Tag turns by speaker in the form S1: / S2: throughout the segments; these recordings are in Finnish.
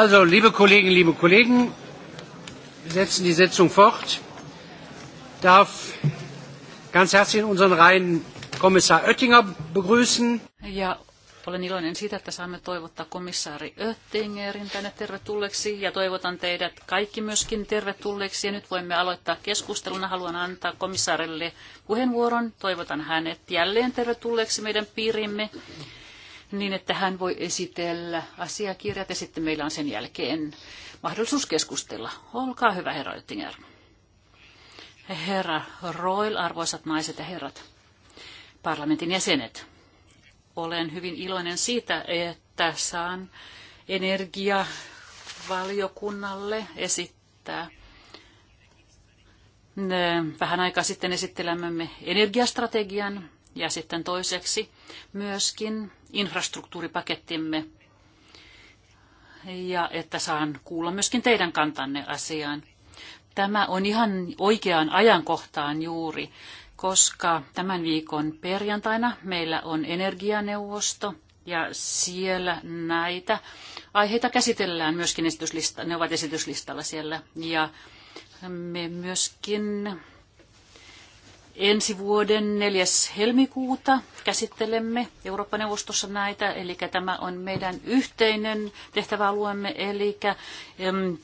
S1: Also, liebe Kolleginnen, liebe Kollegen, wir setzen die Sitzung fort. Ich darf ganz herzlich in unseren Reihen Kommissar Oettinger begrüßen.
S2: Ja olen iloinen siitä, että saamme toivottaa komissaari Oettingerin tänne tervetulleeksi ja toivotan teidät kaikki myöskin tervetulleeksi. Ja nyt voimme aloittaa keskustelun. Haluan antaa komissaarille puheenvuoron. Toivotan hänet jälleen tervetulleeksi meidän piirimme niin, että hän voi esitellä asiakirjat ja sitten meillä on sen jälkeen mahdollisuus keskustella. Olkaa hyvä, herra Oettinger. Herra Roil, arvoisat naiset ja herrat, parlamentin jäsenet. Olen hyvin iloinen siitä, että saan energiavaliokunnalle esittää äh, Vähän aikaa sitten esittelemämme energiastrategian ja sitten toiseksi myöskin infrastruktuuripakettimme ja että saan kuulla myöskin teidän kantanne asiaan. Tämä on ihan oikeaan ajankohtaan juuri, koska tämän viikon perjantaina meillä on energianeuvosto ja siellä näitä aiheita käsitellään myöskin esityslista, ne ovat esityslistalla siellä ja me myöskin Ensi vuoden 4. helmikuuta käsittelemme Eurooppa-neuvostossa näitä, eli tämä on meidän yhteinen tehtäväalueemme, eli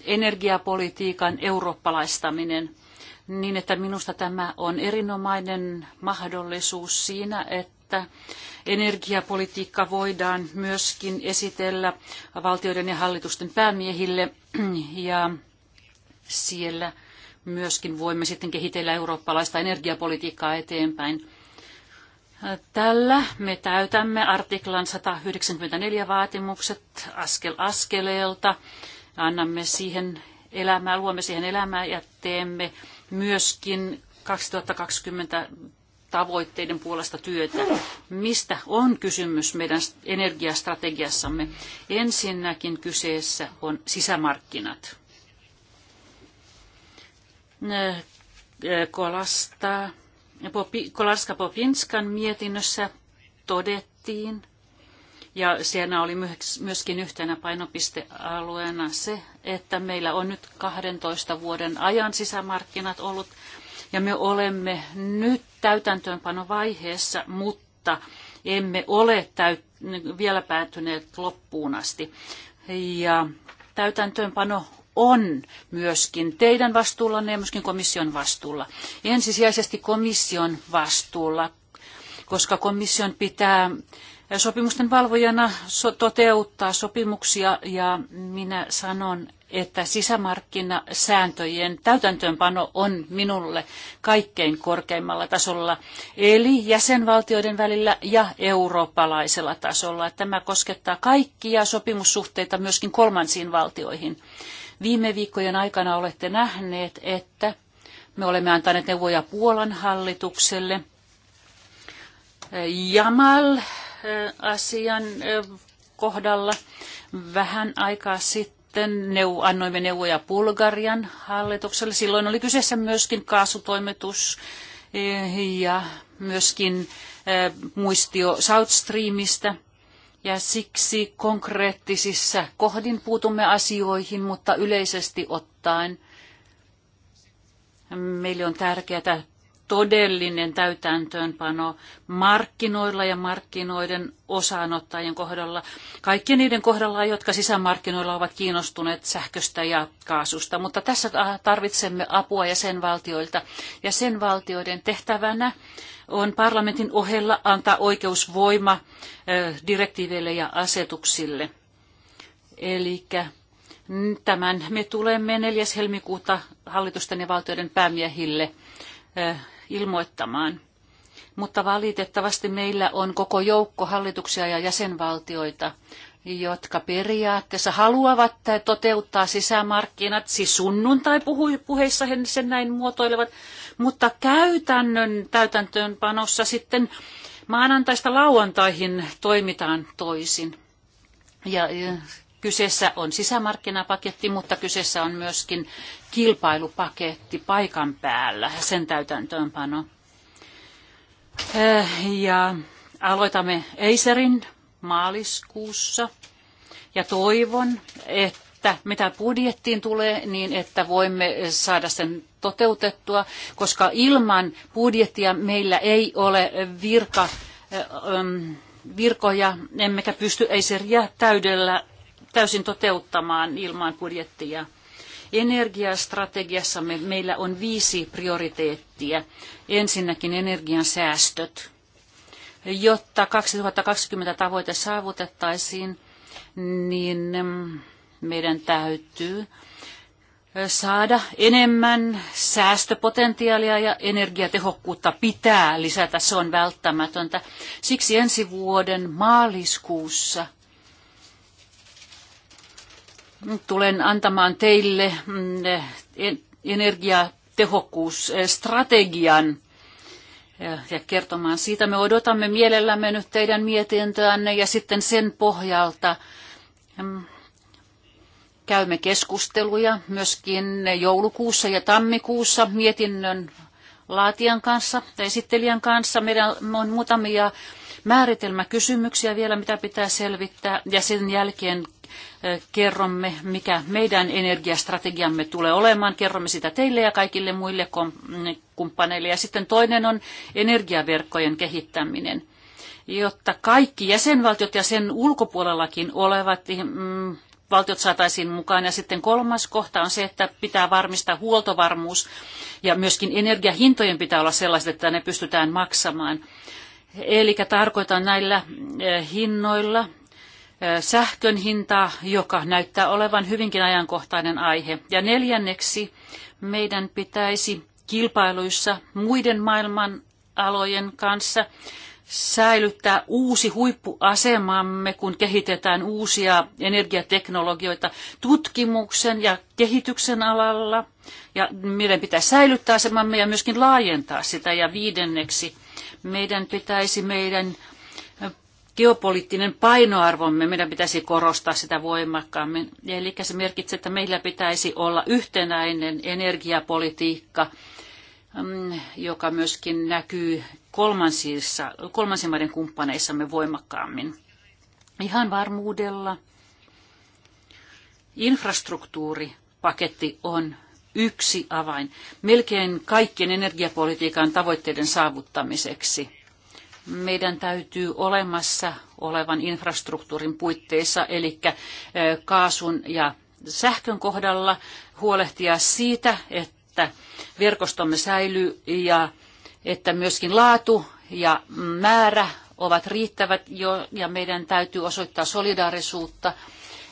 S2: energiapolitiikan eurooppalaistaminen niin, että minusta tämä on erinomainen mahdollisuus siinä, että energiapolitiikka voidaan myöskin esitellä valtioiden ja hallitusten päämiehille ja siellä – myöskin voimme sitten kehitellä eurooppalaista energiapolitiikkaa eteenpäin. Tällä me täytämme artiklan 194 vaatimukset askel askeleelta. Annamme siihen elämää, luomme siihen elämää ja teemme myöskin 2020 tavoitteiden puolesta työtä. Mistä on kysymys meidän energiastrategiassamme? Ensinnäkin kyseessä on sisämarkkinat. Kolasta, Kolarska Popinskan mietinnössä todettiin, ja siellä oli myöskin yhtenä painopistealueena se, että meillä on nyt 12 vuoden ajan sisämarkkinat ollut, ja me olemme nyt täytäntöönpanovaiheessa, mutta emme ole täyt- vielä päätyneet loppuun asti. Ja täytäntöönpano on myöskin teidän vastuullanne ja myöskin komission vastuulla. Ensisijaisesti komission vastuulla, koska komission pitää sopimusten valvojana toteuttaa sopimuksia ja minä sanon, että sisämarkkinasääntöjen täytäntöönpano on minulle kaikkein korkeimmalla tasolla, eli jäsenvaltioiden välillä ja eurooppalaisella tasolla. Tämä koskettaa kaikkia sopimussuhteita myöskin kolmansiin valtioihin. Viime viikkojen aikana olette nähneet, että me olemme antaneet neuvoja Puolan hallitukselle. Jamal-asian kohdalla vähän aikaa sitten neu, annoimme neuvoja Bulgarian hallitukselle. Silloin oli kyseessä myöskin kaasutoimitus ja myöskin muistio South Streamista – ja siksi konkreettisissa kohdin puutumme asioihin, mutta yleisesti ottaen meille on tärkeää todellinen täytäntöönpano markkinoilla ja markkinoiden osaanottajien kohdalla, kaikkien niiden kohdalla, jotka sisämarkkinoilla ovat kiinnostuneet sähköstä ja kaasusta. Mutta tässä tarvitsemme apua jäsenvaltioilta. Jäsenvaltioiden tehtävänä on parlamentin ohella antaa oikeusvoima direktiiveille ja asetuksille. Eli tämän me tulemme 4. helmikuuta hallitusten ja valtioiden päämiehille ilmoittamaan. Mutta valitettavasti meillä on koko joukko hallituksia ja jäsenvaltioita, jotka periaatteessa haluavat toteuttaa sisämarkkinat, siis sunnuntai puheissa he sen näin muotoilevat, mutta käytännön täytäntöönpanossa sitten maanantaista lauantaihin toimitaan toisin. Ja, Kyseessä on sisämarkkinapaketti, mutta kyseessä on myöskin kilpailupaketti paikan päällä ja sen täytäntöönpano. Eh, ja aloitamme Eiserin maaliskuussa ja toivon, että mitä budjettiin tulee, niin että voimme saada sen toteutettua, koska ilman budjettia meillä ei ole virka, eh, mm, virkoja, emmekä pysty eiseriä täydellä täysin toteuttamaan ilman budjettia. Energiastrategiassamme meillä on viisi prioriteettia. Ensinnäkin energian säästöt. Jotta 2020 tavoite saavutettaisiin, niin mm, meidän täytyy saada enemmän säästöpotentiaalia ja energiatehokkuutta pitää lisätä, se on välttämätöntä. Siksi ensi vuoden maaliskuussa – tulen antamaan teille mm, eh, energiatehokkuusstrategian eh, ja kertomaan siitä. Me odotamme mielellämme nyt teidän mietintöänne ja sitten sen pohjalta mm, käymme keskusteluja myöskin joulukuussa ja tammikuussa mietinnön laatijan kanssa, esittelijän kanssa. Meillä on muutamia määritelmäkysymyksiä vielä, mitä pitää selvittää, ja sen jälkeen kerromme, mikä meidän energiastrategiamme tulee olemaan. Kerromme sitä teille ja kaikille muille kumppaneille. Ja sitten toinen on energiaverkkojen kehittäminen jotta kaikki jäsenvaltiot ja sen ulkopuolellakin olevat mm, valtiot saataisiin mukaan. Ja sitten kolmas kohta on se, että pitää varmistaa huoltovarmuus ja myöskin energiahintojen pitää olla sellaiset, että ne pystytään maksamaan. Eli tarkoitan näillä eh, hinnoilla sähkön hinta, joka näyttää olevan hyvinkin ajankohtainen aihe. Ja neljänneksi meidän pitäisi kilpailuissa muiden maailman alojen kanssa säilyttää uusi huippuasemamme, kun kehitetään uusia energiateknologioita tutkimuksen ja kehityksen alalla. Ja meidän pitää säilyttää asemamme ja myöskin laajentaa sitä. Ja viidenneksi meidän pitäisi meidän geopoliittinen painoarvomme, meidän pitäisi korostaa sitä voimakkaammin. Eli se merkitsee, että meillä pitäisi olla yhtenäinen energiapolitiikka, mm, joka myöskin näkyy kolmansissa, kolmansien maiden kumppaneissamme voimakkaammin. Ihan varmuudella infrastruktuuripaketti on yksi avain melkein kaikkien energiapolitiikan tavoitteiden saavuttamiseksi – meidän täytyy olemassa olevan infrastruktuurin puitteissa, eli kaasun ja sähkön kohdalla huolehtia siitä, että verkostomme säilyy ja että myöskin laatu ja määrä ovat riittävät jo, ja meidän täytyy osoittaa solidaarisuutta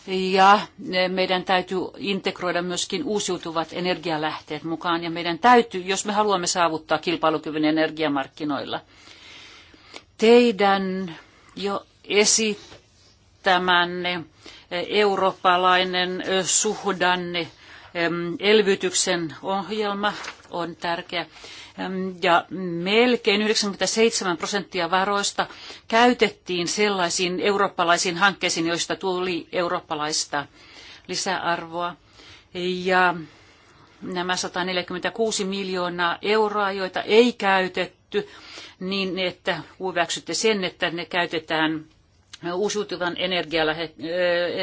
S2: ja e, meidän täytyy integroida myöskin uusiutuvat energialähteet mukaan ja meidän täytyy, jos me haluamme saavuttaa kilpailukyvyn energiamarkkinoilla teidän jo esittämänne eurooppalainen suhdanne elvytyksen ohjelma on tärkeä. Ja melkein 97 prosenttia varoista käytettiin sellaisiin eurooppalaisiin hankkeisiin, joista tuli eurooppalaista lisäarvoa. Ja nämä 146 miljoonaa euroa, joita ei käytetty, käytetty, niin että hyväksytte sen, että ne käytetään uusiutuvan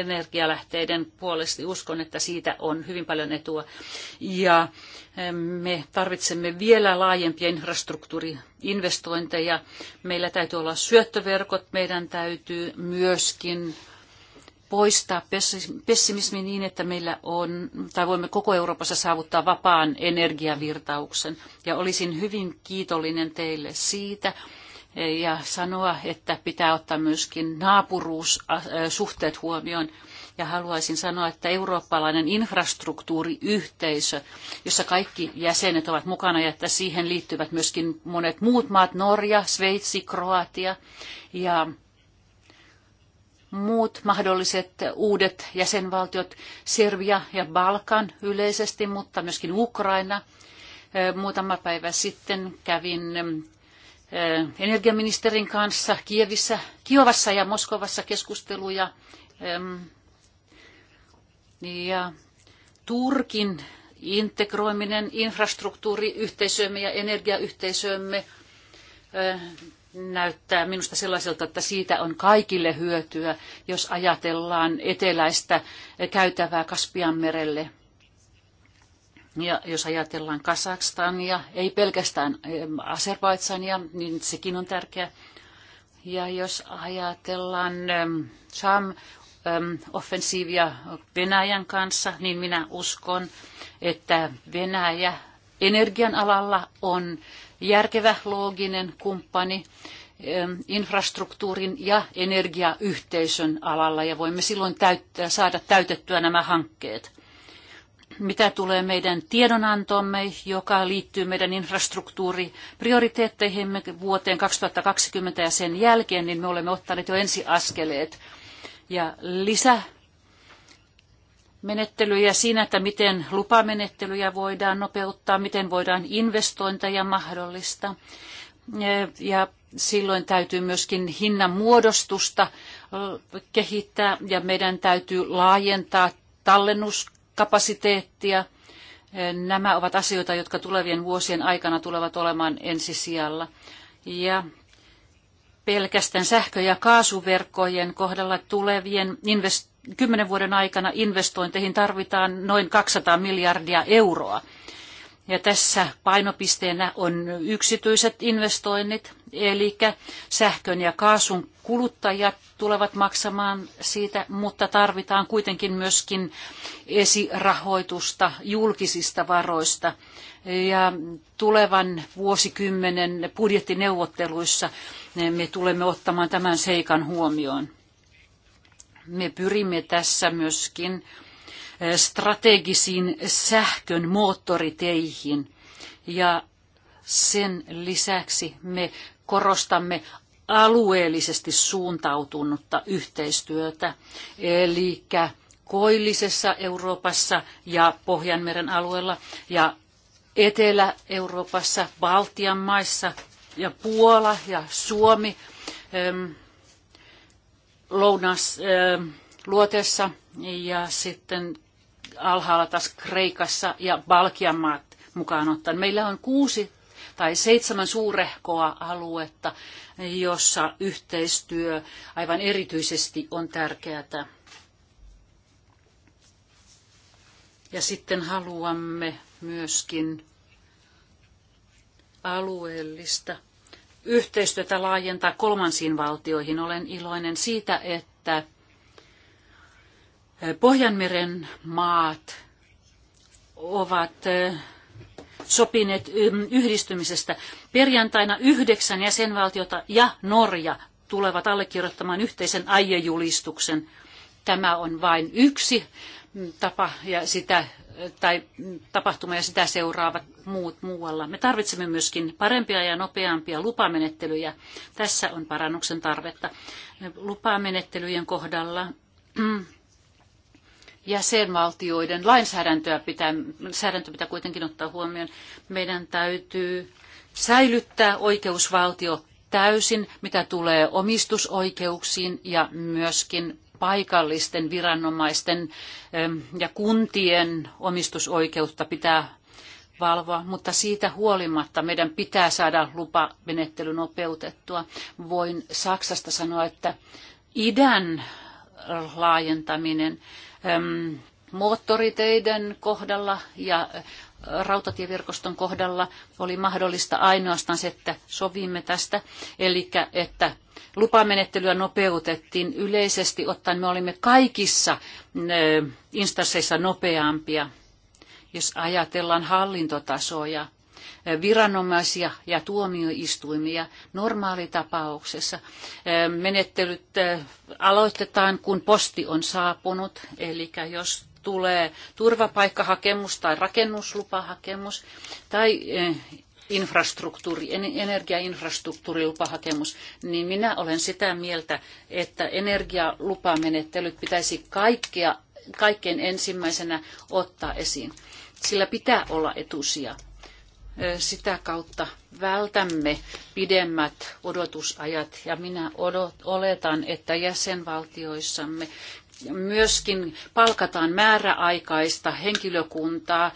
S2: energialähteiden puolesti. Uskon, että siitä on hyvin paljon etua. Ja me tarvitsemme vielä laajempia infrastruktuuriinvestointeja. Meillä täytyy olla syöttöverkot, meidän täytyy myöskin poistaa pessimismi niin, että meillä on, tai voimme koko Euroopassa saavuttaa vapaan energiavirtauksen. Ja olisin hyvin kiitollinen teille siitä eh, ja sanoa, että pitää ottaa myöskin naapuruussuhteet äh, äh, huomioon. Ja haluaisin sanoa, että eurooppalainen infrastruktuuriyhteisö, jossa kaikki jäsenet ovat mukana ja että siihen liittyvät myöskin monet muut maat, Norja, Sveitsi, Kroatia ja muut mahdolliset uudet jäsenvaltiot, Serbia ja Balkan yleisesti, mutta myöskin Ukraina. Muutama päivä sitten kävin energiaministerin kanssa Kievissä, Kiovassa ja Moskovassa keskusteluja. Ja Turkin integroiminen infrastruktuuriyhteisöömme ja energiayhteisöömme näyttää minusta sellaiselta, että siitä on kaikille hyötyä, jos ajatellaan eteläistä käytävää Kaspianmerelle Ja jos ajatellaan Kasakstania, ei pelkästään Azerbaidsania, niin sekin on tärkeä. Ja jos ajatellaan Sam offensiivia Venäjän kanssa, niin minä uskon, että Venäjä energian alalla on järkevä looginen kumppani infrastruktuurin ja energiayhteisön alalla ja voimme silloin täyttää, saada täytettyä nämä hankkeet. Mitä tulee meidän tiedonantomme, joka liittyy meidän infrastruktuuriprioriteetteihimme vuoteen 2020 ja sen jälkeen, niin me olemme ottaneet jo ensiaskeleet. Ja lisä menettelyjä siinä, että miten lupamenettelyjä voidaan nopeuttaa, miten voidaan investointeja mahdollista. Ja silloin täytyy myöskin hinnan muodostusta kehittää ja meidän täytyy laajentaa tallennuskapasiteettia. Nämä ovat asioita, jotka tulevien vuosien aikana tulevat olemaan ensisijalla. Ja pelkästään sähkö- ja kaasuverkkojen kohdalla tulevien investointien kymmenen vuoden aikana investointeihin tarvitaan noin 200 miljardia euroa. Ja tässä painopisteenä on yksityiset investoinnit, eli sähkön ja kaasun kuluttajat tulevat maksamaan siitä, mutta tarvitaan kuitenkin myöskin esirahoitusta julkisista varoista. Ja tulevan vuosikymmenen budjettineuvotteluissa me tulemme ottamaan tämän seikan huomioon. Me pyrimme tässä myöskin eh, strategisiin sähkön moottoriteihin ja sen lisäksi me korostamme alueellisesti suuntautunutta yhteistyötä, eli koillisessa Euroopassa ja Pohjanmeren alueella ja Etelä-Euroopassa, Baltian maissa ja Puola ja Suomi lounas luotessa ja sitten alhaalla taas Kreikassa ja Balkian maat mukaan ottaen. Meillä on kuusi tai seitsemän suurehkoa aluetta, jossa yhteistyö aivan erityisesti on tärkeää. Ja sitten haluamme myöskin alueellista yhteistyötä laajentaa kolmansiin valtioihin. Olen iloinen siitä, että eh, Pohjanmeren maat ovat eh, sopineet yhdistymisestä. Perjantaina yhdeksän jäsenvaltiota ja Norja tulevat allekirjoittamaan yhteisen aiejulistuksen. Tämä on vain yksi tapa ja sitä tai tapahtuma ja sitä seuraavat muut muualla. Me tarvitsemme myöskin parempia ja nopeampia lupamenettelyjä. Tässä on parannuksen tarvetta. Lupamenettelyjen kohdalla jäsenvaltioiden lainsäädäntöä pitää, säädäntö pitää kuitenkin ottaa huomioon. Meidän täytyy säilyttää oikeusvaltio täysin, mitä tulee omistusoikeuksiin ja myöskin paikallisten viranomaisten ähm, ja kuntien omistusoikeutta pitää valvoa, mutta siitä huolimatta meidän pitää saada lupamenettely nopeutettua. Voin Saksasta sanoa, että idän laajentaminen ähm, moottoriteiden kohdalla ja rautatieverkoston kohdalla oli mahdollista ainoastaan se, että sovimme tästä, eli että lupamenettelyä nopeutettiin yleisesti ottaen. Me olimme kaikissa instansseissa nopeampia, jos ajatellaan hallintotasoja, viranomaisia ja tuomioistuimia normaalitapauksessa. Menettelyt aloitetaan, kun posti on saapunut, eli jos tulee turvapaikkahakemus tai rakennuslupahakemus tai eh, infrastruktuuri, energiainfrastruktuurilupahakemus, niin minä olen sitä mieltä, että energialupamenettelyt pitäisi kaikkea, kaikkein ensimmäisenä ottaa esiin. Sillä pitää olla etusia. Eh, sitä kautta vältämme pidemmät odotusajat ja minä odot, oletan, että jäsenvaltioissamme myöskin palkataan määräaikaista henkilökuntaa,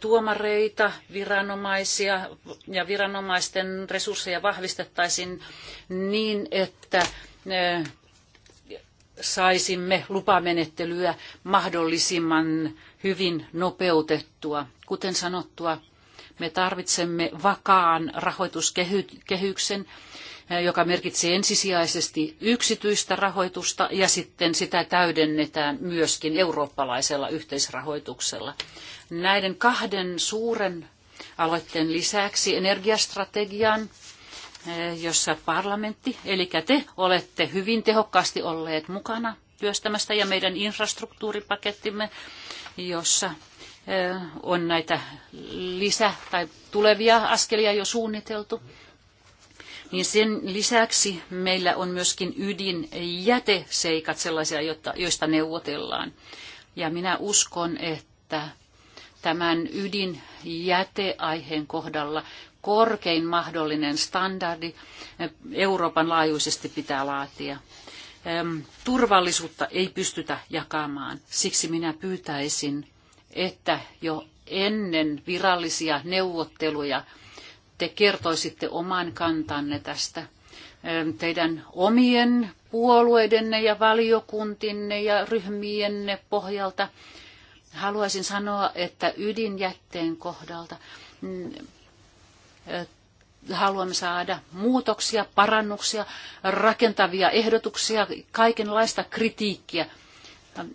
S2: tuomareita, viranomaisia ja viranomaisten resursseja vahvistettaisiin niin, että eh, saisimme lupamenettelyä mahdollisimman hyvin nopeutettua. Kuten sanottua, me tarvitsemme vakaan rahoituskehyksen, Eh, joka merkitsee ensisijaisesti yksityistä rahoitusta ja sitten sitä täydennetään myöskin eurooppalaisella yhteisrahoituksella. Näiden kahden suuren aloitteen lisäksi energiastrategian eh, jossa parlamentti, eli te olette hyvin tehokkaasti olleet mukana työstämästä ja meidän infrastruktuuripakettimme, jossa eh, on näitä lisä- tai tulevia askelia jo suunniteltu niin sen lisäksi meillä on myöskin ydinjäteseikat sellaisia, joista neuvotellaan. Ja minä uskon, että tämän ydinjäteaiheen kohdalla korkein mahdollinen standardi Euroopan laajuisesti pitää laatia. Ehm, turvallisuutta ei pystytä jakamaan. Siksi minä pyytäisin, että jo ennen virallisia neuvotteluja te kertoisitte oman kantanne tästä teidän omien puolueidenne ja valiokuntinne ja ryhmienne pohjalta. Haluaisin sanoa, että ydinjätteen kohdalta mm, haluamme saada muutoksia, parannuksia, rakentavia ehdotuksia, kaikenlaista kritiikkiä –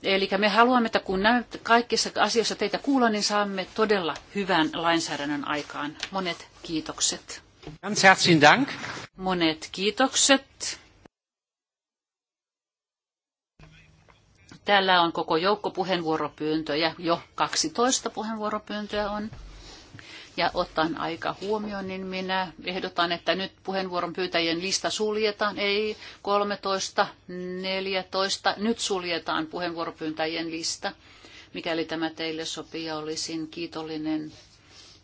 S2: Eli me haluamme, että kun näyt, kaikissa asioissa teitä kuulla, niin saamme todella hyvän lainsäädännön aikaan. Monet kiitokset.
S1: Ganz herzlichen Dank.
S2: Monet kiitokset. Täällä on koko joukko puheenvuoropyyntöjä. Jo 12 puheenvuoropyyntöä on. Ja ottaen aika huomioon, niin minä ehdotan, että nyt puheenvuoron pyytäjien lista suljetaan. Ei 13, 14. Nyt suljetaan puheenvuoropyyntäjien lista. Mikäli tämä teille sopii ja olisin kiitollinen,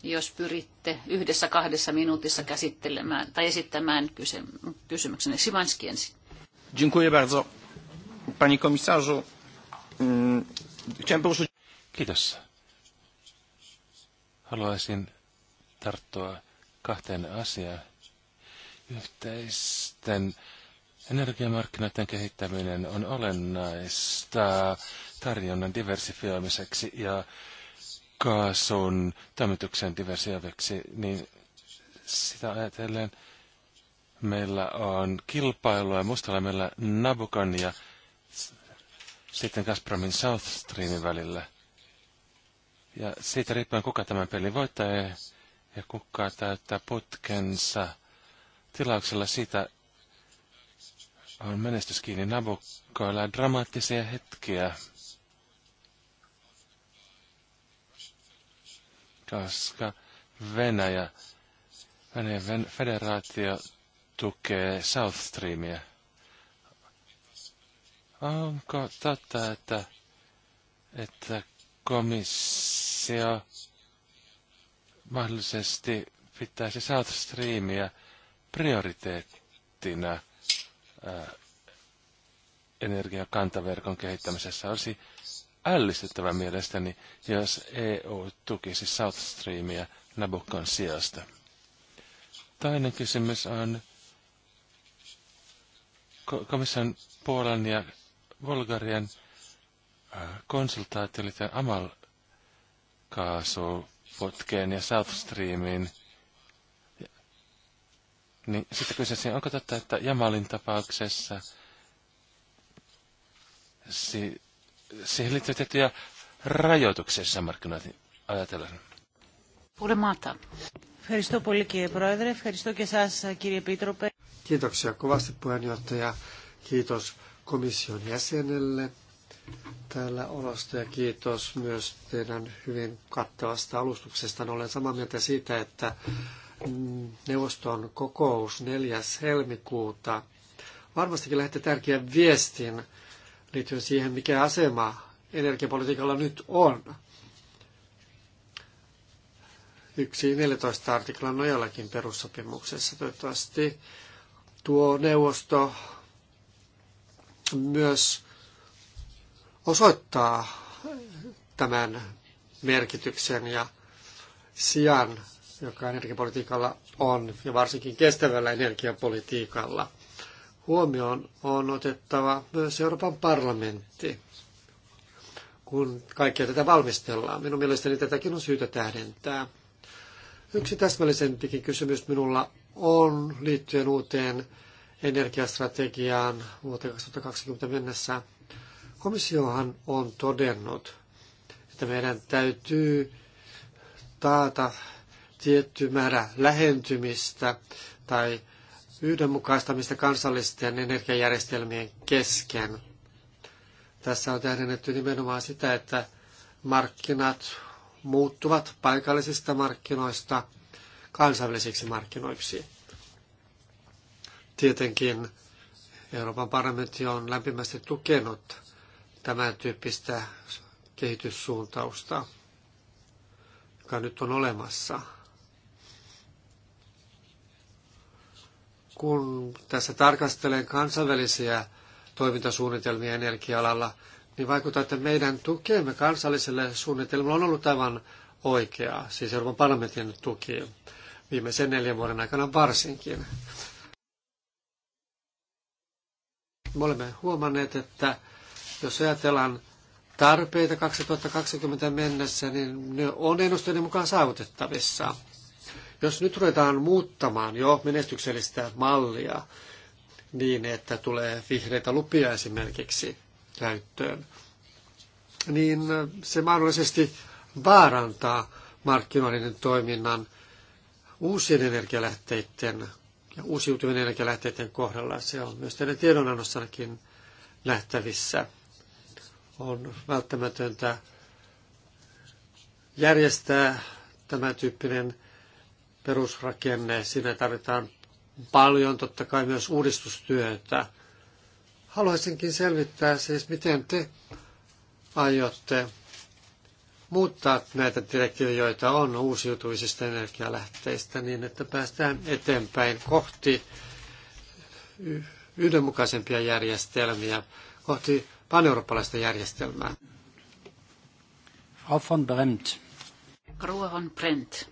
S2: jos pyritte yhdessä kahdessa minuutissa käsittelemään tai esittämään kysymyksenne. Simanski ensin.
S1: Dziękuję bardzo. Pani komisarzu, mm, chciałem poruszyć... Kiitos.
S3: Haluaisin tarttua kahteen asiaan. Yhteisten energiamarkkinoiden kehittäminen on olennaista tarjonnan diversifioimiseksi ja kaasun toimituksen diversioimiseksi, niin sitä ajatellen meillä on kilpailua mustalla meillä nabukan ja sitten Gazpromin South Streamin välillä. Ja siitä riippuen, kuka tämän pelin voittaa, ja kukkaa täyttää putkensa tilauksella sitä on menestys kiinni nabukkoilla dramaattisia hetkiä. Koska Venäjä, Venäjän federaatio tukee South Streamia. Onko totta, että, että komissio mahdollisesti pitäisi South Streamia prioriteettina ää, energiakantaverkon kehittämisessä. Olisi ällistyttävä mielestäni, jos EU tukisi South Streamia Nabucon sijasta. Toinen kysymys on komission Puolan ja Bulgarian tämä amal-kaasu putkeen ja South Streamiin. Niin sitten kysyisin, onko totta, että Jamalin tapauksessa si- siihen liittyy tiettyjä rajoituksia sisämarkkinoihin ajatellen.
S2: Pulemaata.
S1: Kiitoksia kovasti puheenjohtaja. Kiitos komission jäsenelle täällä olosta ja kiitos myös teidän hyvin kattavasta alustuksesta. Olen samaa mieltä siitä, että neuvoston kokous 4. helmikuuta varmastikin lähtee tärkeän viestin liittyen siihen, mikä asema energiapolitiikalla nyt on. Yksi 14 artiklan nojallakin perussopimuksessa. Toivottavasti tuo neuvosto myös osoittaa tämän merkityksen ja sijan, joka energiapolitiikalla on, ja varsinkin kestävällä energiapolitiikalla. Huomioon on otettava myös Euroopan parlamentti, kun kaikkea tätä valmistellaan. Minun mielestäni tätäkin on syytä tähdentää. Yksi täsmällisempikin kysymys minulla on liittyen uuteen energiastrategiaan vuoteen 2020 mennessä – Komissiohan on todennut, että meidän täytyy taata tietty määrä lähentymistä tai yhdenmukaistamista kansallisten energiajärjestelmien kesken. Tässä on tähdennetty nimenomaan sitä, että markkinat muuttuvat paikallisista markkinoista kansainvälisiksi markkinoiksi. Tietenkin Euroopan parlamentti on lämpimästi tukenut tämän tyyppistä kehityssuuntausta, joka nyt on olemassa. Kun tässä tarkastelen kansainvälisiä toimintasuunnitelmia energia-alalla, niin vaikuttaa, että meidän tukemme kansalliselle suunnitelmalle on ollut aivan oikeaa, siis Euroopan parlamentin tuki viimeisen neljän vuoden aikana varsinkin. Me olemme huomanneet, että jos ajatellaan tarpeita 2020 mennessä, niin ne on ennusteiden mukaan saavutettavissa. Jos nyt ruvetaan muuttamaan jo menestyksellistä mallia niin, että tulee vihreitä lupia esimerkiksi käyttöön, niin se mahdollisesti vaarantaa markkinoiden toiminnan uusien energialähteiden ja uusiutuvien energialähteiden kohdalla. Se on myös teidän tiedonannossakin nähtävissä on välttämätöntä järjestää tämän tyyppinen perusrakenne. Siinä tarvitaan paljon totta kai myös uudistustyötä. Haluaisinkin selvittää siis, miten te aiotte muuttaa näitä direktiivejä, joita on uusiutuvisista energialähteistä, niin että päästään eteenpäin kohti yhdenmukaisempia järjestelmiä, kohti paneurooppalaista
S2: järjestelmää. Frau von Bremt. Frau von Bremt.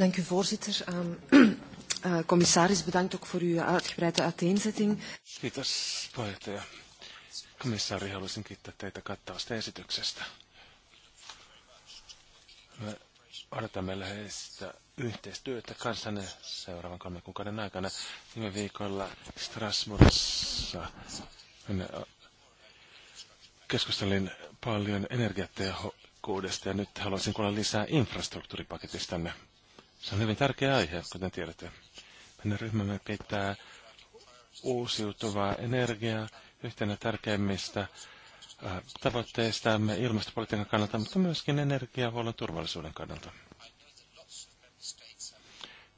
S3: Dank u voorzitter. Um, uh, commissaris, bedankt ook voor uw uitgebreide uiteenzetting. Kiitos puheenjohtaja. Komissaari, haluaisin kiittää teitä kattavasta esityksestä. Me odotamme läheistä yhteistyötä kanssanne seuraavan kolmen kuukauden aikana. Viime viikolla Strasbourgissa minä keskustelin paljon energiatehokkuudesta ja nyt haluaisin kuulla lisää infrastruktuuripaketistanne. Se on hyvin tärkeä aihe, kuten tiedätte. Meidän ryhmämme pitää uusiutuvaa energiaa yhtenä tärkeimmistä tavoitteistamme ilmastopolitiikan kannalta, mutta myöskin energiahuollon turvallisuuden kannalta.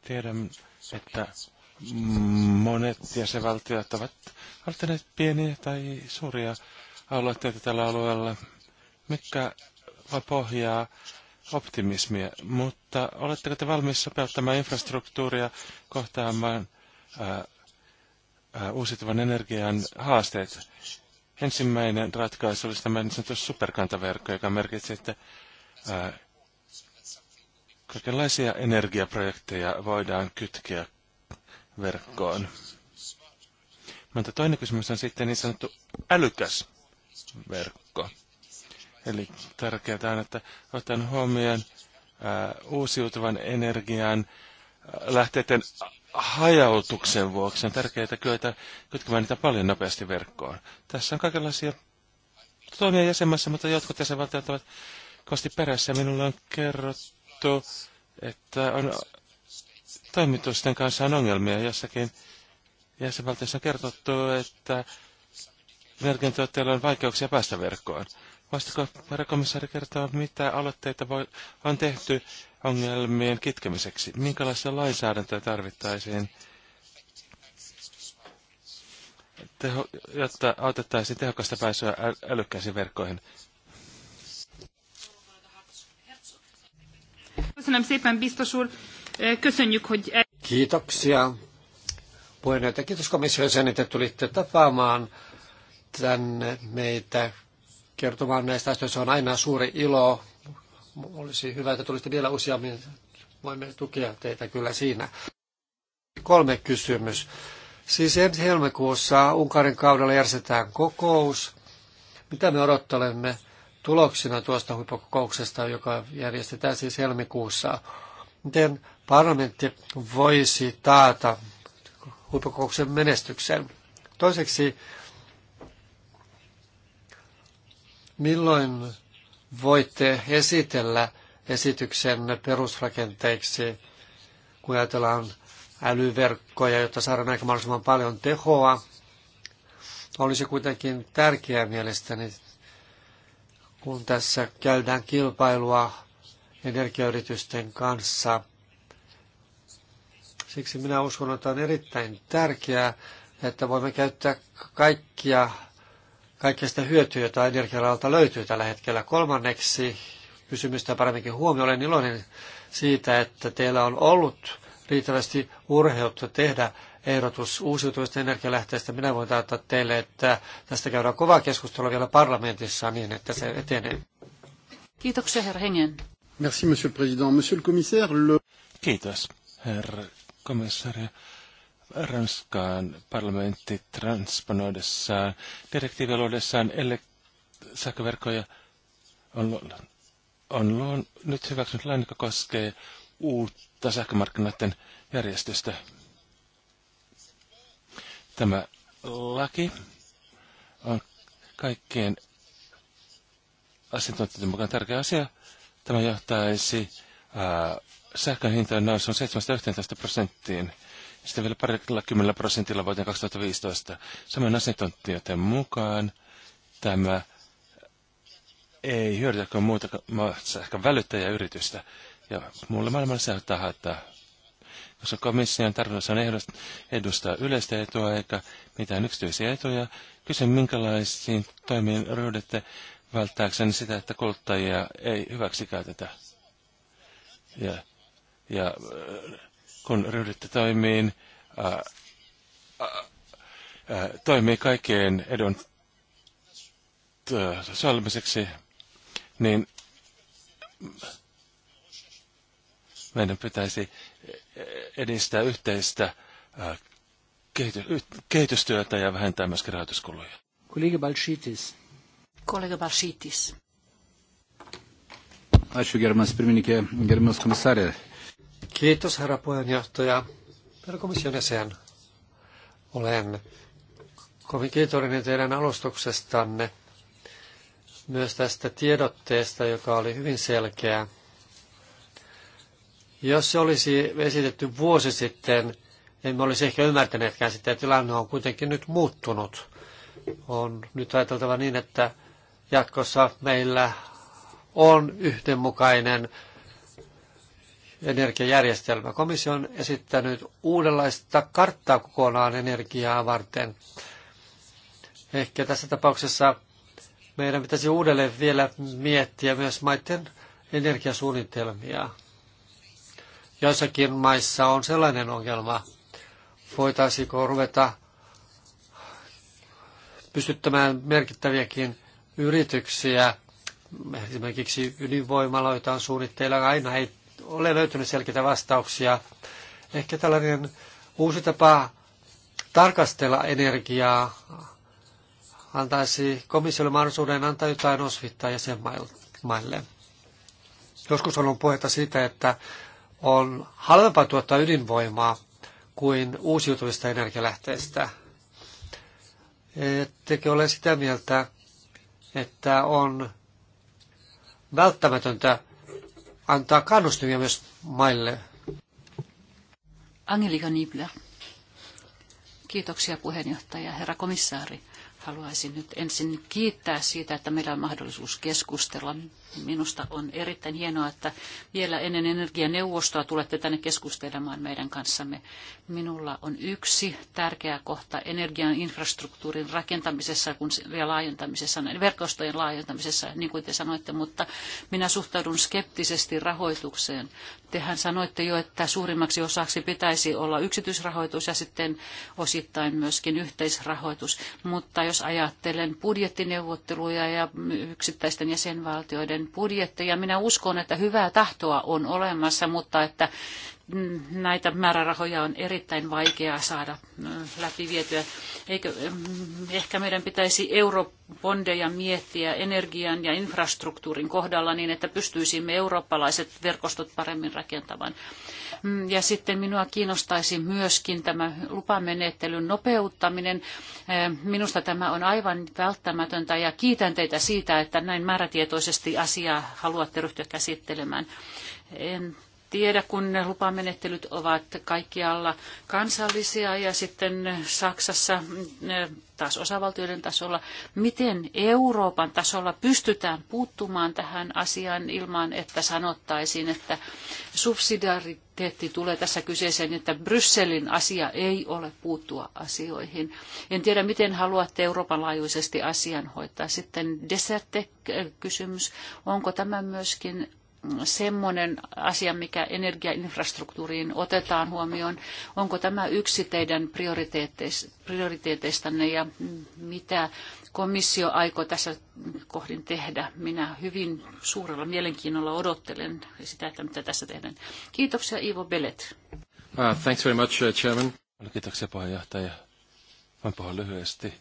S3: Tiedän, että Monet jäsenvaltiot ovat valtaneet pieniä tai suuria aloitteita tällä alueella, mikä pohjaa optimismia, mutta oletteko te valmis sopeuttamaan infrastruktuuria kohtaamaan ää, ää, uusiutuvan energian haasteet? Ensimmäinen ratkaisu olisi tämä niin sanottu superkantaverkko, joka merkitsi, että ää, kaikenlaisia energiaprojekteja voidaan kytkeä verkkoon. Mutta toinen kysymys on sitten niin sanottu älykäs verkko. Eli tärkeää on, että otan huomioon ää, äh, uusiutuvan energian ää, äh, lähteiden hajautuksen vuoksi. On tärkeää kyetä kytkemään niitä paljon nopeasti verkkoon. Tässä on kaikenlaisia toimia jäsenmässä, mutta jotkut jäsenvaltiot ovat kosti perässä. Minulle on kerrottu, että on toimitusten kanssa on ongelmia. Jossakin jäsenvaltiossa on kertottu, että energiantuottajilla on vaikeuksia päästä verkkoon. Voisitko, herra komissaari, kertoa, mitä aloitteita voi, on tehty ongelmien kitkemiseksi? Minkälaista lainsäädäntöä tarvittaisiin, teho, jotta autettaisiin tehokasta pääsyä
S1: älykkäisiin verkkoihin?
S2: Köszönöm szépen, biztos úr. Köszönjük, hogy...
S1: Kiitoksia puheenjohtaja. Kiitos komission sen että tulitte tapaamaan tänne meitä kertomaan näistä asioista. Se on aina suuri ilo. Olisi hyvä, että tulisitte vielä useammin. Voimme tukea teitä kyllä siinä. Kolme kysymys. Siis ensi helmikuussa Unkarin kaudella järjestetään kokous. Mitä me odottelemme tuloksina tuosta huippukokouksesta, joka järjestetään siis helmikuussa? Miten parlamentti voisi taata huippukokouksen menestyksen. Toiseksi, milloin voitte esitellä esityksen perusrakenteiksi, kun ajatellaan älyverkkoja, jotta saadaan aika mahdollisimman paljon tehoa. Olisi kuitenkin tärkeää mielestäni, kun tässä käydään kilpailua energiayritysten kanssa, Siksi minä uskon, että on erittäin tärkeää, että voimme käyttää kaikkia, kaikkea sitä hyötyä, jota energialalta löytyy tällä hetkellä. Kolmanneksi kysymystä paremminkin huomioon. Olen iloinen siitä, että teillä on ollut riittävästi urheutta tehdä ehdotus uusiutuvista energialähteistä. Minä voin taata teille, että tästä käydään kovaa keskustelua vielä parlamentissa niin, että se etenee.
S2: Kiitoksia, herra Hengen.
S1: Merci, monsieur le
S3: président. Monsieur le commissaire, le... Kiitos, herra komissaari. Ranskan parlamentti transponoidessaan luodessaan sähköverkkoja on, on, on nyt hyväksynyt lain, joka koskee uutta sähkömarkkinoiden järjestystä. Tämä laki on kaikkien asiantuntijoiden mukaan tärkeä asia. Tämä johtaisi ää, sähkön hinta on noussut 7 prosenttiin. Sitten vielä parilla kymmenellä prosentilla vuoteen 2015. Samoin asiantuntijoiden mukaan tämä ei hyödytä kuin muuta sähkön yritystä Ja muulle maailmalle se ottaa haittaa. Koska komission tarkoitus on edustaa yleistä etua eikä mitään yksityisiä etuja, kyse minkälaisiin toimiin ryhdytte välttääkseni sitä, että kuluttajia ei hyväksikäytetä. Ja ja äh, kun ryhdytte toimiin, ää, äh, ää, äh, ää, toimii kaikkien edun solmiseksi, niin meidän pitäisi edistää yhteistä kehitystyötä ja vähentää myöskin rahoituskuluja.
S2: Kollega Balšitis. Kollega Balšitis. Ačiū, gerbiamas pirmininkė, gerbiamas komisarė.
S1: Kiitos, herra puheenjohtaja. Herra komission jäsen, olen kovin kiitollinen teidän alustuksestanne, myös tästä tiedotteesta, joka oli hyvin selkeä. Jos se olisi esitetty vuosi sitten, emme olisi ehkä ymmärtäneetkään sitä, että tilanne on kuitenkin nyt muuttunut. On nyt ajateltava niin, että jatkossa meillä on yhdenmukainen energiajärjestelmä. Komissio on esittänyt uudenlaista karttaa kokonaan energiaa varten. Ehkä tässä tapauksessa meidän pitäisi uudelleen vielä miettiä myös maiden energiasuunnitelmia. Joissakin maissa on sellainen ongelma, voitaisiinko ruveta pystyttämään merkittäviäkin yrityksiä. Esimerkiksi ydinvoimaloita on suunnitteilla, aina ei ole löytynyt selkeitä vastauksia. Ehkä tällainen uusi tapa tarkastella energiaa antaisi komissiolle mahdollisuuden antaa jotain osvittaa jäsenmaille. Joskus on ollut puhetta siitä, että on halvempaa tuottaa ydinvoimaa kuin uusiutuvista energialähteistä. Ettekö ole sitä mieltä, että on välttämätöntä antaa kannustimia myös maille.
S2: Angelika Niebler. Kiitoksia puheenjohtaja, herra komissaari haluaisin nyt ensin kiittää siitä, että meillä on mahdollisuus keskustella. Minusta on erittäin hienoa, että vielä ennen energianeuvostoa tulette tänne keskustelemaan meidän kanssamme. Minulla on yksi tärkeä kohta energian infrastruktuurin rakentamisessa kun ja laajentamisessa, verkostojen laajentamisessa, niin kuin te sanoitte, mutta minä suhtaudun skeptisesti rahoitukseen. Tehän sanoitte jo, että suurimmaksi osaksi pitäisi olla yksityisrahoitus ja sitten osittain myöskin yhteisrahoitus, mutta jos jos ajattelen budjettineuvotteluja ja yksittäisten jäsenvaltioiden budjetteja. Minä uskon, että hyvää tahtoa on olemassa, mutta että mm, näitä määrärahoja on erittäin vaikeaa saada mm, läpi vietyä. Eikö, mm, ehkä meidän pitäisi eurobondeja miettiä energian ja infrastruktuurin kohdalla niin, että pystyisimme eurooppalaiset verkostot paremmin rakentamaan. Mm, ja sitten minua kiinnostaisi myöskin tämä lupamenettelyn nopeuttaminen. Eh, minusta tämä on aivan välttämätöntä ja kiitän teitä siitä, että näin määrätietoisesti asiaa haluatte ryhtyä käsittelemään. En tiedä, kun lupamenettelyt ovat kaikkialla kansallisia ja sitten Saksassa mm, taas osavaltioiden tasolla. Miten Euroopan tasolla pystytään puuttumaan tähän asiaan ilman, että sanottaisiin, että subsidiariteetti tulee tässä kyseeseen, että Brysselin asia ei ole puuttua asioihin. En tiedä, miten haluatte Euroopan laajuisesti asian hoitaa. Sitten Desertec-kysymys. Onko tämä myöskin semmoinen asia, mikä energiainfrastruktuuriin otetaan huomioon. Onko tämä yksi teidän prioriteeteistanne ja mitä komissio aikoo tässä kohdin tehdä? Minä hyvin suurella mielenkiinnolla odottelen sitä, että mitä tässä tehdään. Kiitoksia Ivo Belet. Uh,
S3: thanks very much, uh, Chairman. Kiitoksia puheenjohtaja. Voin puhua lyhyesti,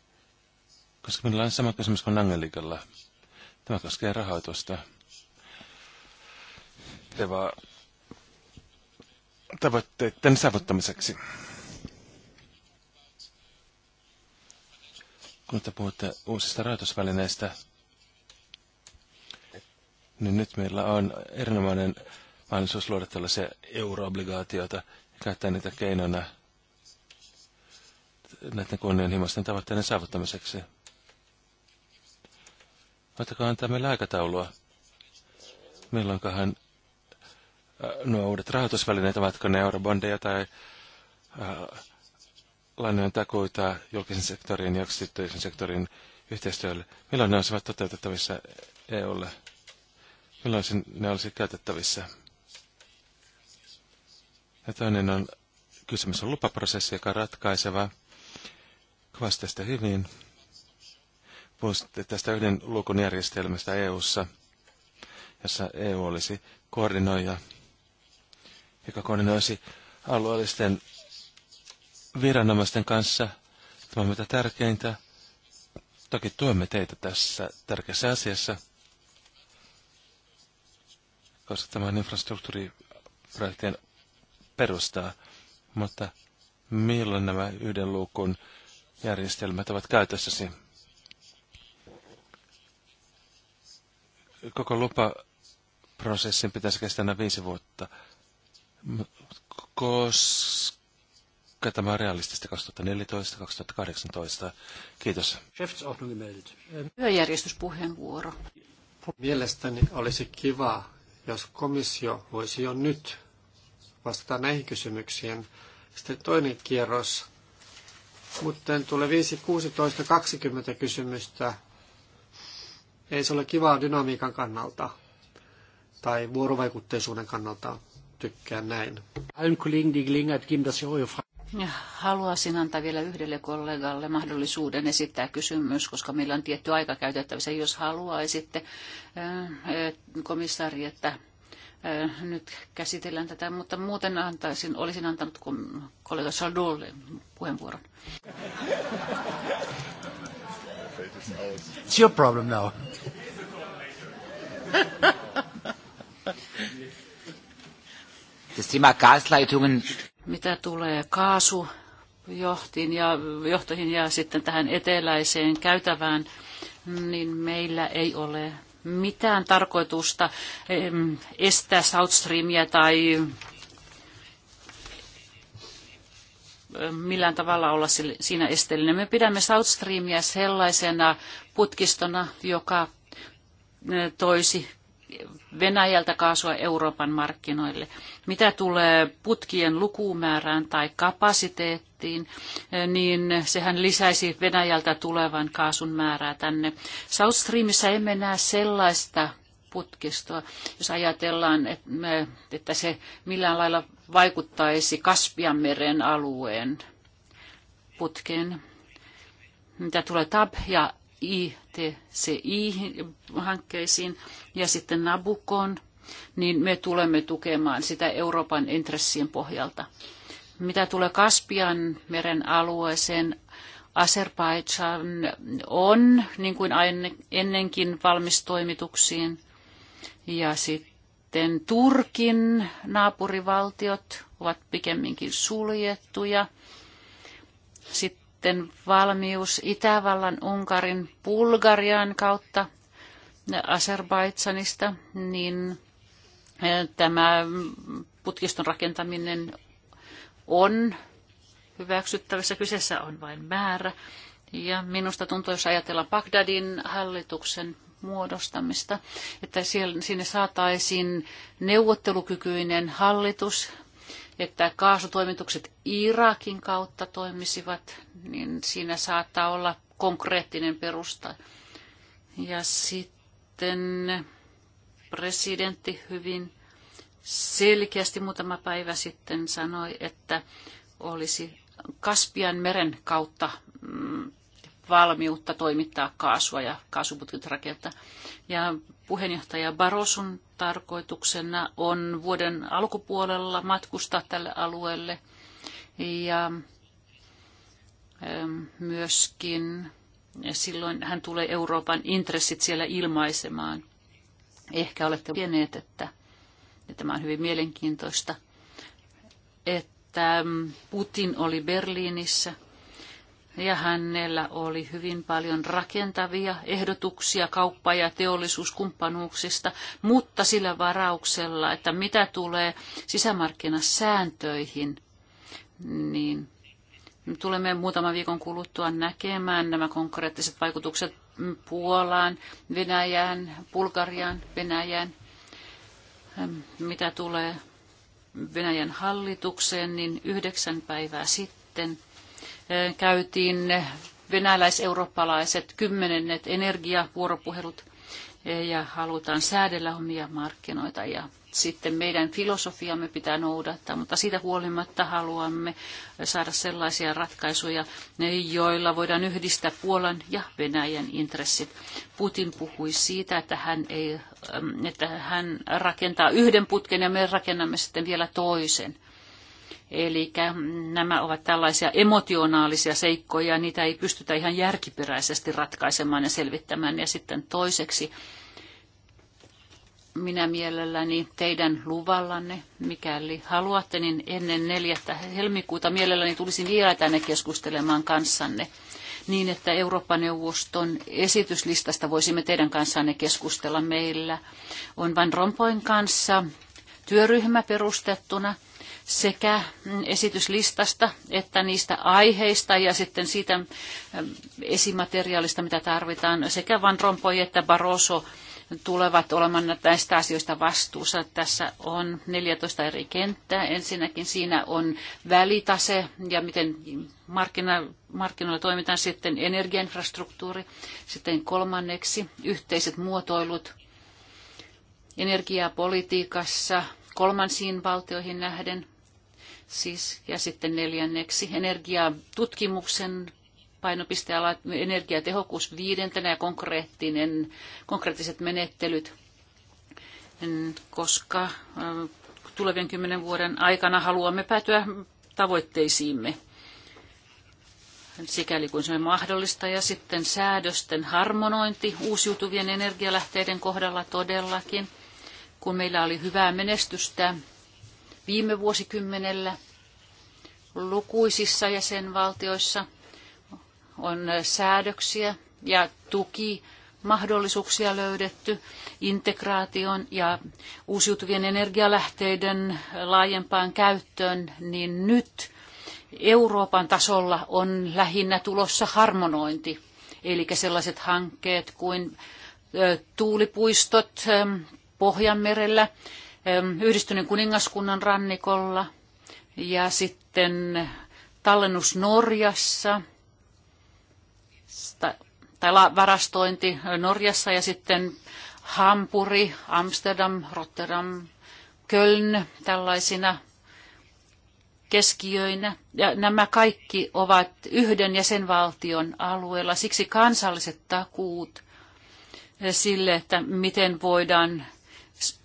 S3: koska minulla on sama kysymys kuin Angelikalla. Tämä koskee rahoitusta pontevaa tavoitteiden saavuttamiseksi. Kun te puhutte uusista rahoitusvälineistä, niin nyt meillä on erinomainen mahdollisuus luoda tällaisia euroobligaatioita ja käyttää niitä keinona näiden kunnianhimoisten tavoitteiden saavuttamiseksi. Voitteko antaa meille aikataulua? Milloinkahan nuo uudet rahoitusvälineet, ovatko ne eurobondeja tai lainojen takuita julkisen sektorin ja yksityisen sektorin yhteistyölle. Milloin ne olisivat toteutettavissa EUlle? Milloin ne olisi käytettävissä? Ja toinen on, kysymys on lupaprosessi, joka on ratkaiseva. Kuvasi tästä hyvin. Puhuisitte tästä yhden luukun järjestelmästä EUssa, jossa EU olisi koordinoija joka koordinoisi alueellisten viranomaisten kanssa. Tämä on mitä tärkeintä. Toki tuemme teitä tässä tärkeässä asiassa, koska tämä on infrastruktuuriprojektien perustaa. Mutta milloin nämä yhden luukun järjestelmät ovat käytössäsi? Koko lupaprosessin pitäisi kestää viisi vuotta koska tämä on realistista 2014-2018. Kiitos.
S1: Ähm,
S2: Työjärjestyspuheenvuoro.
S1: Mielestäni olisi kiva, jos komissio voisi jo nyt vastata näihin kysymyksiin. Sitten toinen kierros. Mutta tulee 5, 16, 20 kysymystä. Ei se ole kivaa dynamiikan kannalta tai vuorovaikutteisuuden kannalta tykkään näin.
S2: Haluaisin antaa vielä yhdelle kollegalle mahdollisuuden esittää kysymys, koska meillä on tietty aika käytettävissä. Jos haluaisitte, äh, äh, komissaari, että äh, nyt käsitellään tätä, mutta muuten antaisin, olisin antanut kollega Saldolle puheenvuoron.
S1: It's your problem now.
S2: Thema Gasleitungen. Mitä tulee kaasu, johtiin ja, johtoihin ja sitten tähän eteläiseen käytävään, niin meillä ei ole mitään tarkoitusta estää South Streamia tai millään tavalla olla siinä esteellinen. Me pidämme South Streamia sellaisena putkistona, joka toisi Venäjältä kaasua Euroopan markkinoille. Mitä tulee putkien lukumäärään tai kapasiteettiin, eh, niin sehän lisäisi Venäjältä tulevan kaasun määrää tänne. South Streamissa emme näe sellaista putkistoa, jos ajatellaan, että, se millään lailla vaikuttaisi Kaspianmeren alueen putkeen. Mitä tulee TAB ja ITCI-hankkeisiin ja sitten Nabukon, niin me tulemme tukemaan sitä Euroopan intressien pohjalta. Mitä tulee Kaspian meren alueeseen, Azerbaijan on, niin kuin ennenkin, valmistoimituksiin. Ja sitten Turkin naapurivaltiot ovat pikemminkin suljettuja. Sitten sitten valmius Itävallan, Unkarin, Bulgarian kautta Azerbaidsanista, niin eh, tämä putkiston rakentaminen on hyväksyttävissä. Kyseessä on vain määrä. Ja minusta tuntuu, jos ajatellaan Bagdadin hallituksen muodostamista, että siellä, sinne saataisiin neuvottelukykyinen hallitus, että kaasutoimitukset Irakin kautta toimisivat, niin siinä saattaa olla konkreettinen perusta. Ja sitten presidentti hyvin selkeästi muutama päivä sitten sanoi, että olisi Kaspian meren kautta mm, valmiutta toimittaa kaasua ja kaasuputkit rakentaa. Ja puheenjohtaja Barosun tarkoituksena on vuoden alkupuolella matkustaa tälle alueelle ja ähm, myöskin silloin hän tulee Euroopan intressit siellä ilmaisemaan. Ehkä olette vieneet, että ja tämä on hyvin mielenkiintoista, että Putin oli Berliinissä – ja hänellä oli hyvin paljon rakentavia ehdotuksia kauppa- ja teollisuuskumppanuuksista, mutta sillä varauksella, että mitä tulee sisämarkkinasääntöihin, niin tulemme muutaman viikon kuluttua näkemään nämä konkreettiset vaikutukset Puolaan, Venäjään, Bulgariaan, Venäjään, mitä tulee Venäjän hallitukseen, niin yhdeksän päivää sitten käytiin venäläiseurooppalaiset eurooppalaiset kymmenennet energiavuoropuhelut ja halutaan säädellä omia markkinoita ja sitten meidän filosofiamme pitää noudattaa, mutta siitä huolimatta haluamme saada sellaisia ratkaisuja, joilla voidaan yhdistää Puolan ja Venäjän intressit. Putin puhui siitä, että hän, ei, että hän rakentaa yhden putken ja me rakennamme sitten vielä toisen. Eli nämä ovat tällaisia emotionaalisia seikkoja, niitä ei pystytä ihan järkiperäisesti ratkaisemaan ja selvittämään. Ja sitten toiseksi, minä mielelläni teidän luvallanne, mikäli haluatte, niin ennen 4. helmikuuta mielelläni tulisin vielä tänne keskustelemaan kanssanne niin, että Eurooppa-neuvoston esityslistasta voisimme teidän kanssanne keskustella. Meillä on Van Rompoin kanssa työryhmä perustettuna – sekä esityslistasta että niistä aiheista ja sitten siitä esimateriaalista, mitä tarvitaan. Sekä Van Rompuy että Barroso tulevat olemaan näistä asioista vastuussa. Tässä on 14 eri kenttää. Ensinnäkin siinä on välitase ja miten markkina, markkinoilla toimitaan sitten energiainfrastruktuuri. Sitten kolmanneksi yhteiset muotoilut energiapolitiikassa kolmansiin valtioihin nähden. Siis, ja sitten neljänneksi energiatutkimuksen painopisteala, energiatehokkuus viidentenä ja konkreettinen, konkreettiset menettelyt, koska tulevien kymmenen vuoden aikana haluamme päätyä tavoitteisiimme sikäli kuin se on mahdollista. Ja sitten säädösten harmonointi uusiutuvien energialähteiden kohdalla todellakin, kun meillä oli hyvää menestystä viime vuosikymmenellä lukuisissa jäsenvaltioissa on säädöksiä ja tuki mahdollisuuksia löydetty integraation ja uusiutuvien energialähteiden laajempaan käyttöön, niin nyt Euroopan tasolla on lähinnä tulossa harmonointi. Eli sellaiset hankkeet kuin tuulipuistot Pohjanmerellä, Yhdistyneen kuningaskunnan rannikolla ja sitten tallennus Norjassa tai varastointi Norjassa ja sitten Hampuri, Amsterdam, Rotterdam, Köln tällaisina keskiöinä. Ja nämä kaikki ovat yhden jäsenvaltion alueella. Siksi kansalliset takuut sille, että miten voidaan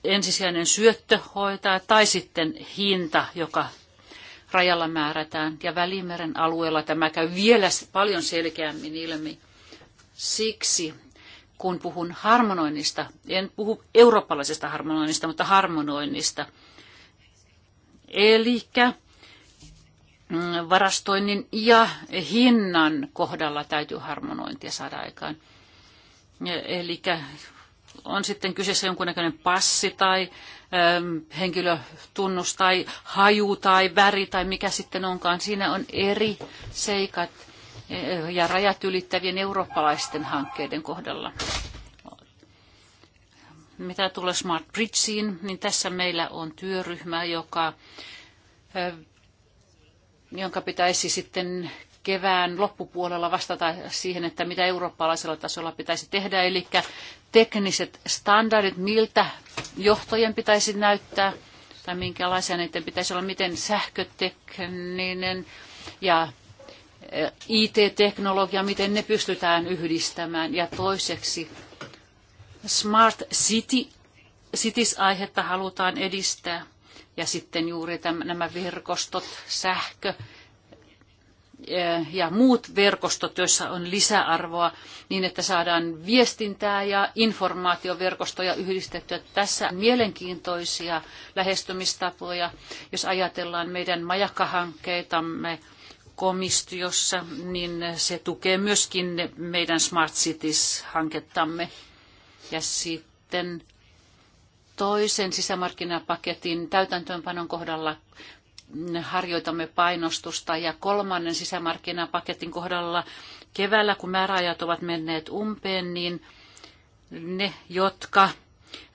S2: ensisijainen syöttö hoitaa tai sitten hinta, joka rajalla määrätään. Ja Välimeren alueella tämä käy vielä paljon selkeämmin ilmi. Siksi kun puhun harmonoinnista, en puhu eurooppalaisesta harmonoinnista, mutta harmonoinnista. Eli mm, varastoinnin ja hinnan kohdalla täytyy harmonointia saada aikaan. Eli on sitten kyseessä jonkunnäköinen passi tai ähm, henkilötunnus tai haju tai väri tai mikä sitten onkaan. Siinä on eri seikat eh, ja rajat ylittävien eurooppalaisten hankkeiden kohdalla. Mitä tulee Smart Bridgeen, niin tässä meillä on työryhmä, joka, eh, jonka pitäisi sitten kevään loppupuolella vastata siihen, että mitä eurooppalaisella tasolla pitäisi tehdä. Eli tekniset standardit, miltä johtojen pitäisi näyttää tai minkälaisia niiden pitäisi olla, miten sähkötekninen ja eh, IT-teknologia, miten ne pystytään yhdistämään. Ja toiseksi Smart City, Cities-aihetta halutaan edistää. Ja sitten juuri tämän, nämä verkostot, sähkö Eh, ja muut verkostot, joissa on lisäarvoa, niin että saadaan viestintää ja informaatioverkostoja yhdistettyä. Tässä mielenkiintoisia lähestymistapoja, jos ajatellaan meidän majakkahankkeitamme komistiossa, niin se tukee myöskin meidän Smart Cities-hankettamme. Ja sitten toisen sisämarkkinapaketin täytäntöönpanon kohdalla harjoitamme painostusta ja kolmannen sisämarkkinapaketin kohdalla keväällä, kun määräajat ovat menneet umpeen, niin ne, jotka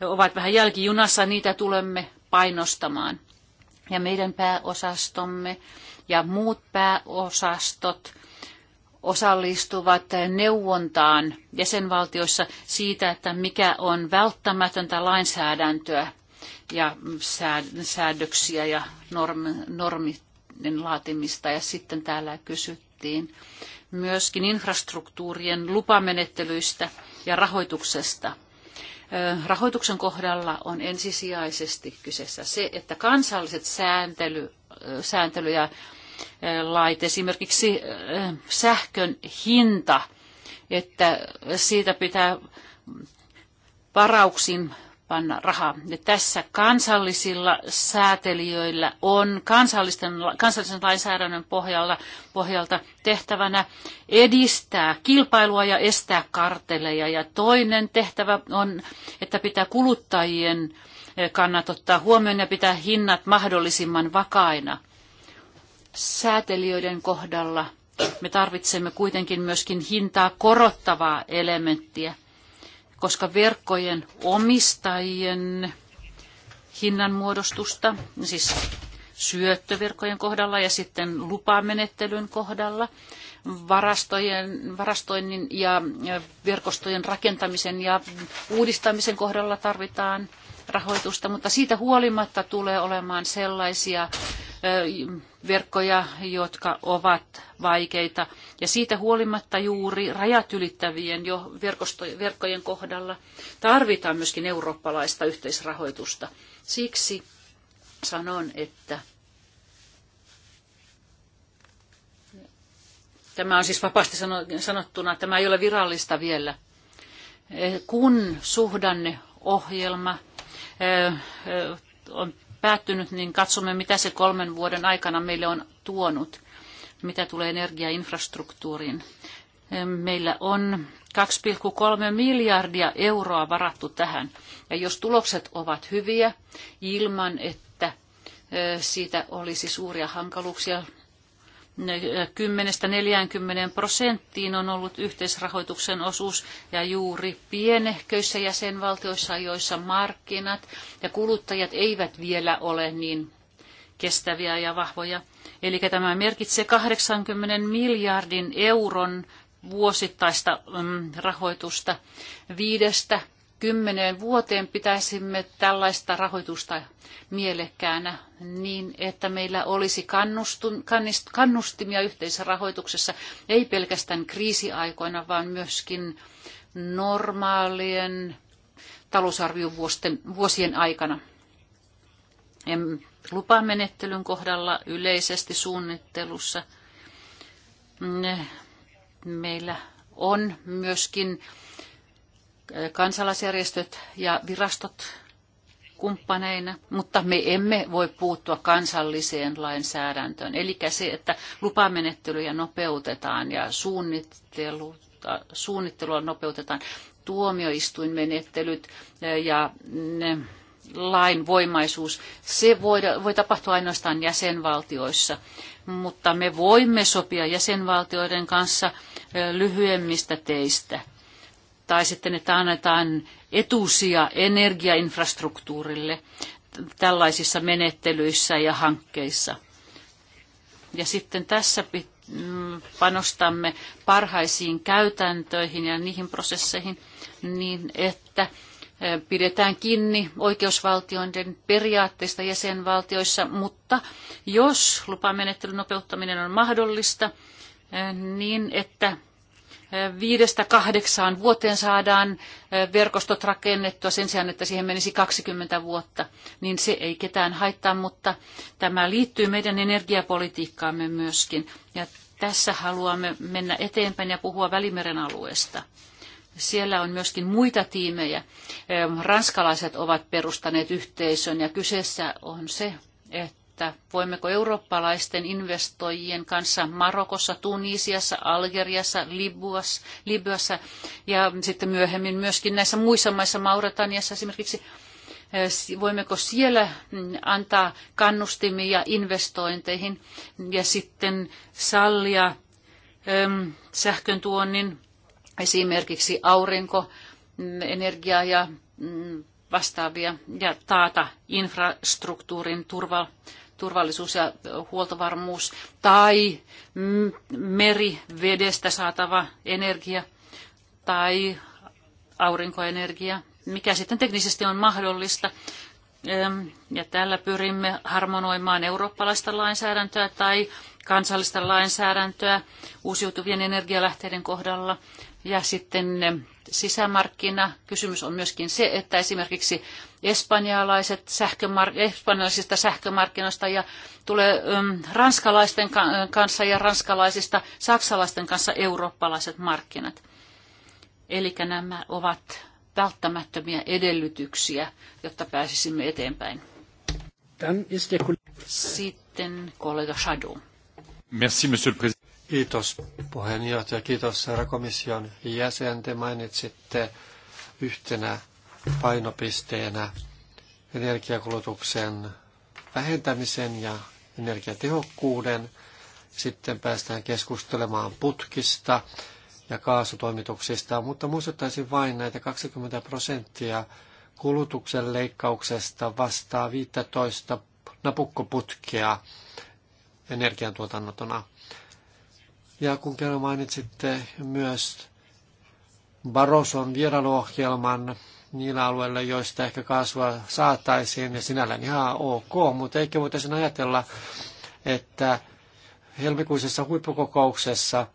S2: ovat vähän jälkijunassa, niitä tulemme painostamaan. Ja meidän pääosastomme ja muut pääosastot osallistuvat neuvontaan jäsenvaltioissa siitä, että mikä on välttämätöntä lainsäädäntöä ja säädöksiä ja normien laatimista. Ja sitten täällä kysyttiin myöskin infrastruktuurien lupamenettelyistä ja rahoituksesta. Rahoituksen kohdalla on ensisijaisesti kyseessä se, että kansalliset sääntely, sääntely ja lait, esimerkiksi sähkön hinta, että siitä pitää varauksin panna rahaa. Ja tässä kansallisilla säätelijöillä on kansallisten, kansallisen lainsäädännön pohjalta, pohjalta tehtävänä edistää kilpailua ja estää karteleja. Ja toinen tehtävä on, että pitää kuluttajien eh, kannat ottaa huomioon ja pitää hinnat mahdollisimman vakaina. Säätelijöiden kohdalla me tarvitsemme kuitenkin myöskin hintaa korottavaa elementtiä – koska verkkojen omistajien hinnanmuodostusta, siis syöttöverkkojen kohdalla ja sitten lupamenettelyn kohdalla, varastojen, varastoinnin ja verkostojen rakentamisen ja uudistamisen kohdalla tarvitaan rahoitusta, mutta siitä huolimatta tulee olemaan sellaisia verkkoja, jotka ovat vaikeita. Ja siitä huolimatta juuri rajat ylittävien jo verkkojen kohdalla tarvitaan myöskin eurooppalaista yhteisrahoitusta. Siksi sanon, että tämä on siis vapaasti sanottuna, tämä ei ole virallista vielä. Kun suhdanneohjelma on päättynyt, niin katsomme, mitä se kolmen vuoden aikana meille on tuonut, mitä tulee energiainfrastruktuuriin. Meillä on 2,3 miljardia euroa varattu tähän. Ja jos tulokset ovat hyviä, ilman että siitä olisi suuria hankaluuksia, 10-40 prosenttiin on ollut yhteisrahoituksen osuus ja juuri pienehköissä jäsenvaltioissa, joissa markkinat ja kuluttajat eivät vielä ole niin kestäviä ja vahvoja. Eli tämä merkitsee 80 miljardin euron vuosittaista mm, rahoitusta viidestä kymmeneen vuoteen pitäisimme tällaista rahoitusta mielekkäänä niin, että meillä olisi kannustun, kannist, kannustimia yhteisrahoituksessa, ei pelkästään kriisiaikoina, vaan myöskin normaalien talousarviovuosien aikana. Lupamenettelyn kohdalla yleisesti suunnittelussa mm, meillä on myöskin kansalaisjärjestöt ja virastot kumppaneina, mutta me emme voi puuttua kansalliseen lainsäädäntöön. Eli se, että lupamenettelyjä nopeutetaan ja suunnittelua nopeutetaan, tuomioistuinmenettelyt eh, ja ne, mm, lainvoimaisuus, se voi, voi tapahtua ainoastaan jäsenvaltioissa, mutta me voimme sopia jäsenvaltioiden kanssa eh, lyhyemmistä teistä tai sitten, että annetaan etusia energiainfrastruktuurille tällaisissa menettelyissä ja hankkeissa. Ja sitten tässä mm, panostamme parhaisiin käytäntöihin ja niihin prosesseihin niin, että eh, pidetään kiinni oikeusvaltioiden periaatteista jäsenvaltioissa, mutta jos lupamenettelyn nopeuttaminen on mahdollista, eh, niin että viidestä kahdeksaan vuoteen saadaan eh, verkostot rakennettua sen sijaan, että siihen menisi 20 vuotta, niin se ei ketään haittaa, mutta tämä liittyy meidän energiapolitiikkaamme myöskin. Ja tässä haluamme mennä eteenpäin ja puhua Välimeren alueesta. Siellä on myöskin muita tiimejä. Eh, ranskalaiset ovat perustaneet yhteisön ja kyseessä on se, että että voimmeko eurooppalaisten investoijien kanssa Marokossa, Tunisiassa, Algeriassa, Libuas, Libyassa ja sitten myöhemmin myöskin näissä muissa maissa, Mauretaniassa esimerkiksi, eh, voimmeko siellä mm, antaa kannustimia investointeihin ja sitten sallia sähkön tuonnin esimerkiksi aurinkoenergiaa mm, ja mm, vastaavia ja taata infrastruktuurin turva, turvallisuus ja huoltovarmuus tai merivedestä saatava energia tai aurinkoenergia, mikä sitten teknisesti on mahdollista. Ja tällä pyrimme harmonoimaan eurooppalaista lainsäädäntöä tai kansallista lainsäädäntöä uusiutuvien energialähteiden kohdalla ja sitten sisämarkkina. Kysymys on myöskin se, että esimerkiksi espanjalaiset sähkömark- espanjalaisista sähkömarkkinoista ja tulee um, ranskalaisten kanssa ja ranskalaisista saksalaisten kanssa eurooppalaiset markkinat. Eli nämä ovat välttämättömiä edellytyksiä, jotta pääsisimme eteenpäin. Sitten kollega Shadow.
S1: Merci, monsieur le Kiitos puheenjohtaja, kiitos herra komission jäsen. Te mainitsitte yhtenä painopisteenä energiakulutuksen vähentämisen ja energiatehokkuuden. Sitten päästään keskustelemaan putkista ja kaasutoimituksista, mutta muistuttaisin vain näitä 20 prosenttia kulutuksen leikkauksesta vastaa 15 napukkoputkea energiantuotannotona. Ja kun kerran mainitsitte myös Baroson vierailuohjelman niillä alueilla, joista ehkä kasvua saataisiin, ja niin sinällään ihan ok, mutta eikö voitaisiin ajatella, että helmikuisessa huippukokouksessa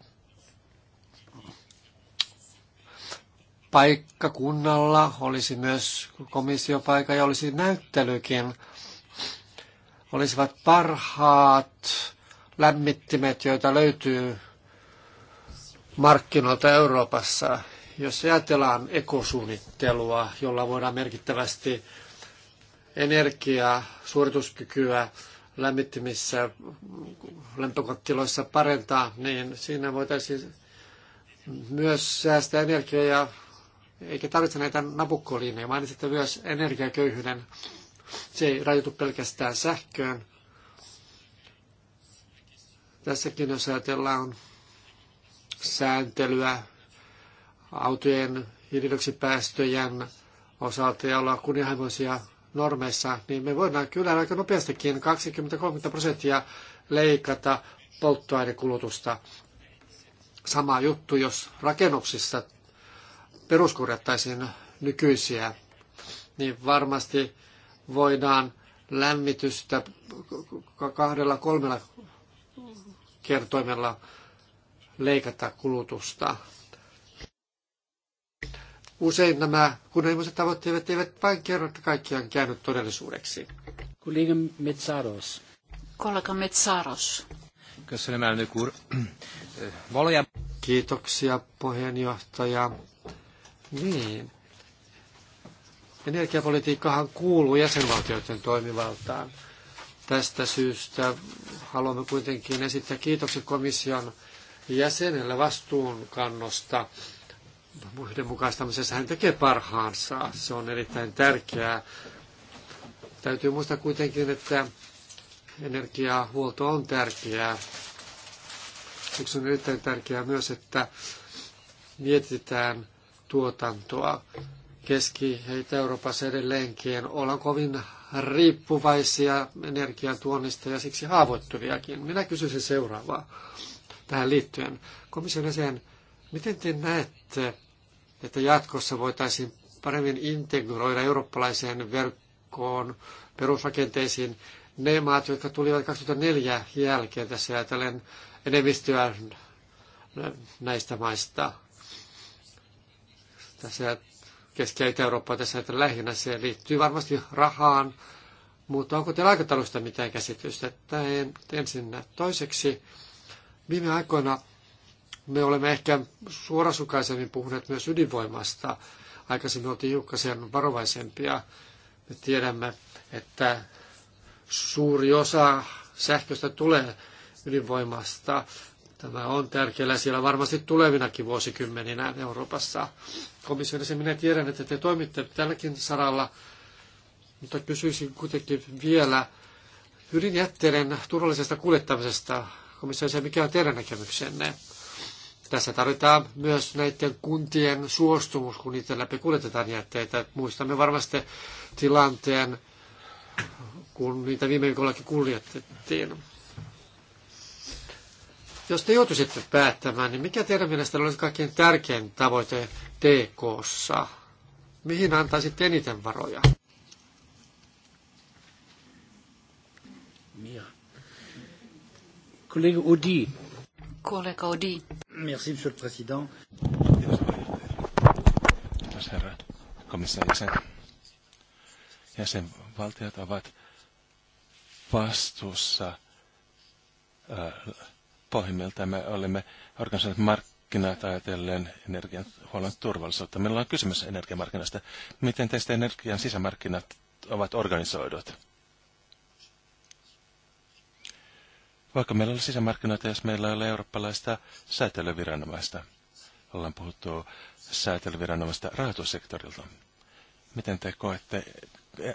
S1: paikkakunnalla olisi myös komissiopaikka ja olisi näyttelykin, olisivat parhaat lämmittimet, joita löytyy markkinoilta Euroopassa. Jos ajatellaan ekosuunnittelua, jolla voidaan merkittävästi energiaa, suorituskykyä lämmittimissä lämpökattiloissa parentaa, niin siinä voitaisiin myös säästää energiaa ja eikä tarvitse näitä napukkolinjoja. Mainitsitte myös energiaköyhyyden. Se ei rajoitu pelkästään sähköön. Tässäkin jos ajatellaan sääntelyä autojen hiilidioksipäästöjen osalta ja olla kunnianhimoisia normeissa, niin me voidaan kyllä aika nopeastikin 20-30 prosenttia leikata polttoainekulutusta. Sama juttu, jos rakennuksissa peruskorjattaisiin nykyisiä, niin varmasti voidaan lämmitystä kahdella kolmella kertoimella leikata kulutusta. Usein nämä kunnianhimoiset tavoitteet eivät vain kerro, että kaikkiaan käynyt todellisuudeksi. Kollega Metsaros.
S2: Kollega Metsaros.
S1: Kiitoksia, puheenjohtaja. Niin. Energiapolitiikkahan kuuluu jäsenvaltioiden toimivaltaan. Tästä syystä haluamme kuitenkin esittää kiitokset komission jäsenellä vastuunkannosta yhdenmukaistamisessa hän tekee parhaansa. Se on erittäin tärkeää. Täytyy muistaa kuitenkin, että energiahuolto on tärkeää. Siksi on erittäin tärkeää myös, että mietitään tuotantoa. Keski- ja Euroopassa edelleenkin ollaan kovin riippuvaisia energiantuonnista ja siksi haavoittuviakin. Minä kysyisin seuraavaa tähän liittyen. Komission jäsen, miten te näette, että jatkossa voitaisiin paremmin integroida eurooppalaiseen verkkoon perusrakenteisiin ne maat, jotka tulivat 2004 jälkeen tässä ajatellen enemmistöä näistä maista. Tässä Keski- ja Itä-Eurooppaa tässä lähinnä se liittyy varmasti rahaan, mutta onko teillä aikataulusta mitään käsitystä? Tämä ensin Toiseksi, Viime aikoina me olemme ehkä suorasukaisemmin puhuneet myös ydinvoimasta. Aikaisemmin oltiin hiukkasen varovaisempia. Me tiedämme, että suuri osa sähköstä tulee ydinvoimasta. Tämä on tärkeää siellä varmasti tulevinakin vuosikymmeninä Euroopassa. Komissiossa minä tiedän, että te toimitte tälläkin saralla, mutta kysyisin kuitenkin vielä ydinjätteiden turvallisesta kuljettamisesta se mikä on teidän näkemyksenne? Tässä tarvitaan myös näiden kuntien suostumus, kun niitä läpi kuljetetaan jätteitä. Muistamme varmasti tilanteen, kun niitä viime viikollakin kuljetettiin. Jos te joutuisitte päättämään, niin mikä teidän mielestänne olisi kaikkein tärkein tavoite TKssa? Mihin antaisitte eniten varoja? Mia. Kollega Udi.
S2: Kollega Udi.
S1: Merci, monsieur le président. herra komission
S3: Jäsenvaltiot ovat vastuussa pohjimmiltaan me olemme organisoineet markkinat ajatellen energianhuollon turvallisuutta. Meillä on kysymys energiamarkkinasta. Miten teistä energian sisämarkkinat ovat organisoidut? Vaikka meillä on sisämarkkinoita, jos meillä ei ole eurooppalaista säätelyviranomaista. Ollaan puhuttu säätelyviranomaista rahoitussektorilta. Miten te koette e, e,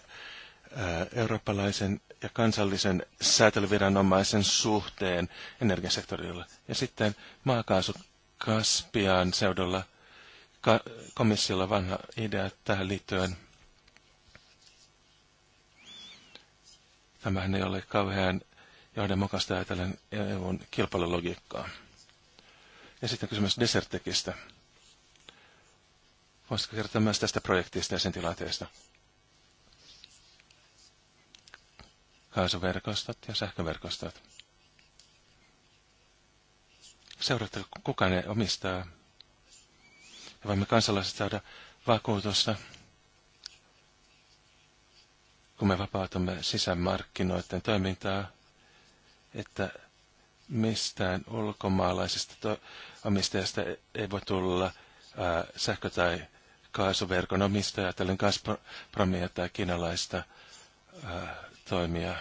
S3: eurooppalaisen ja kansallisen säätelyviranomaisen suhteen energiasektorilla. Ja sitten maakaasu Kaspian seudulla ka- komissiolla vanha idea tähän liittyen. Tämähän ei ole kauhean johdonmukaista ajatellen EUn kilpailulogiikkaa. Ja sitten kysymys Desertekistä. Voisitko kertoa myös tästä projektista ja sen tilanteesta? Kaasuverkostot ja sähköverkostot. Seuratteko kuka ne omistaa? Ja voimme kansalaiset saada vakuutusta, kun me vapautamme sisämarkkinoiden toimintaa että mistään ulkomaalaisesta omistajasta ei voi tulla ää, äh, sähkö- tai kaasuverkon omistaja, tällöin Gazpromia tai kiinalaista ää, äh, toimijaa,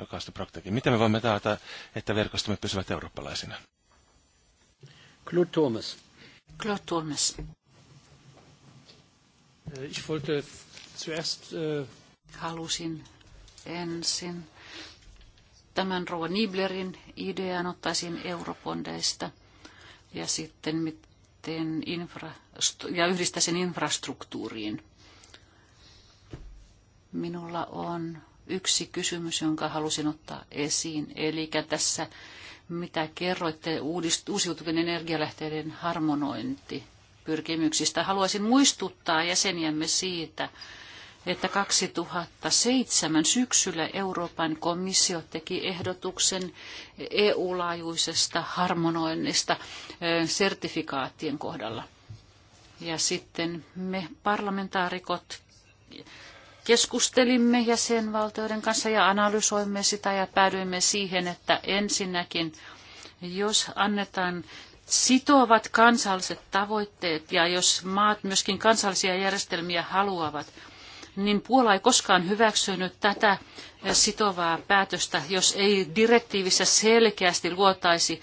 S3: joka on Proctekin. Miten me voimme taata, että verkostomme pysyvät eurooppalaisina?
S2: Claude Thomas. Claude Thomas. Äh, ich wollte zuerst, äh... Halusin ensin tämän Roa Niblerin idean ottaisin eurobondeista ja sitten miten infra, ja yhdistäisin infrastruktuuriin. Minulla on yksi kysymys, jonka halusin ottaa esiin. Eli tässä, mitä kerroitte, uudist, uusiutuvien energialähteiden harmonointi pyrkimyksistä. Haluaisin muistuttaa jäseniämme siitä, että 2007 syksyllä Euroopan komissio teki ehdotuksen EU-laajuisesta harmonoinnista sertifikaattien kohdalla. Ja sitten me parlamentaarikot keskustelimme jäsenvaltioiden kanssa ja analysoimme sitä ja päädyimme siihen, että ensinnäkin jos annetaan sitovat kansalliset tavoitteet ja jos maat myöskin kansallisia järjestelmiä haluavat, niin Puola ei koskaan hyväksynyt tätä eh, sitovaa päätöstä, jos ei direktiivissä selkeästi luotaisi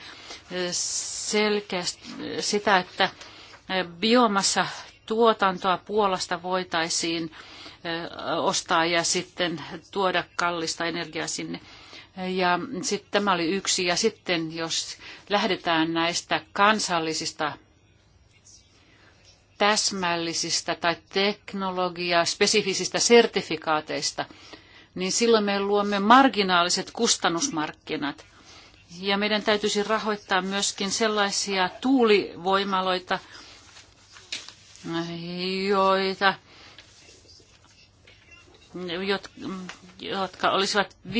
S2: eh, selkeästi eh, sitä, että biomassa tuotantoa Puolasta voitaisiin ostaa ja sitten tuoda kallista energiaa sinne. Ja sitten tämä oli yksi. Ja sitten jos lähdetään näistä kansallisista täsmällisistä tai teknologiaa spesifisistä sertifikaateista, niin silloin me luomme marginaaliset kustannusmarkkinat. Ja meidän täytyisi rahoittaa myöskin sellaisia tuulivoimaloita, joita, jotka olisivat 50-90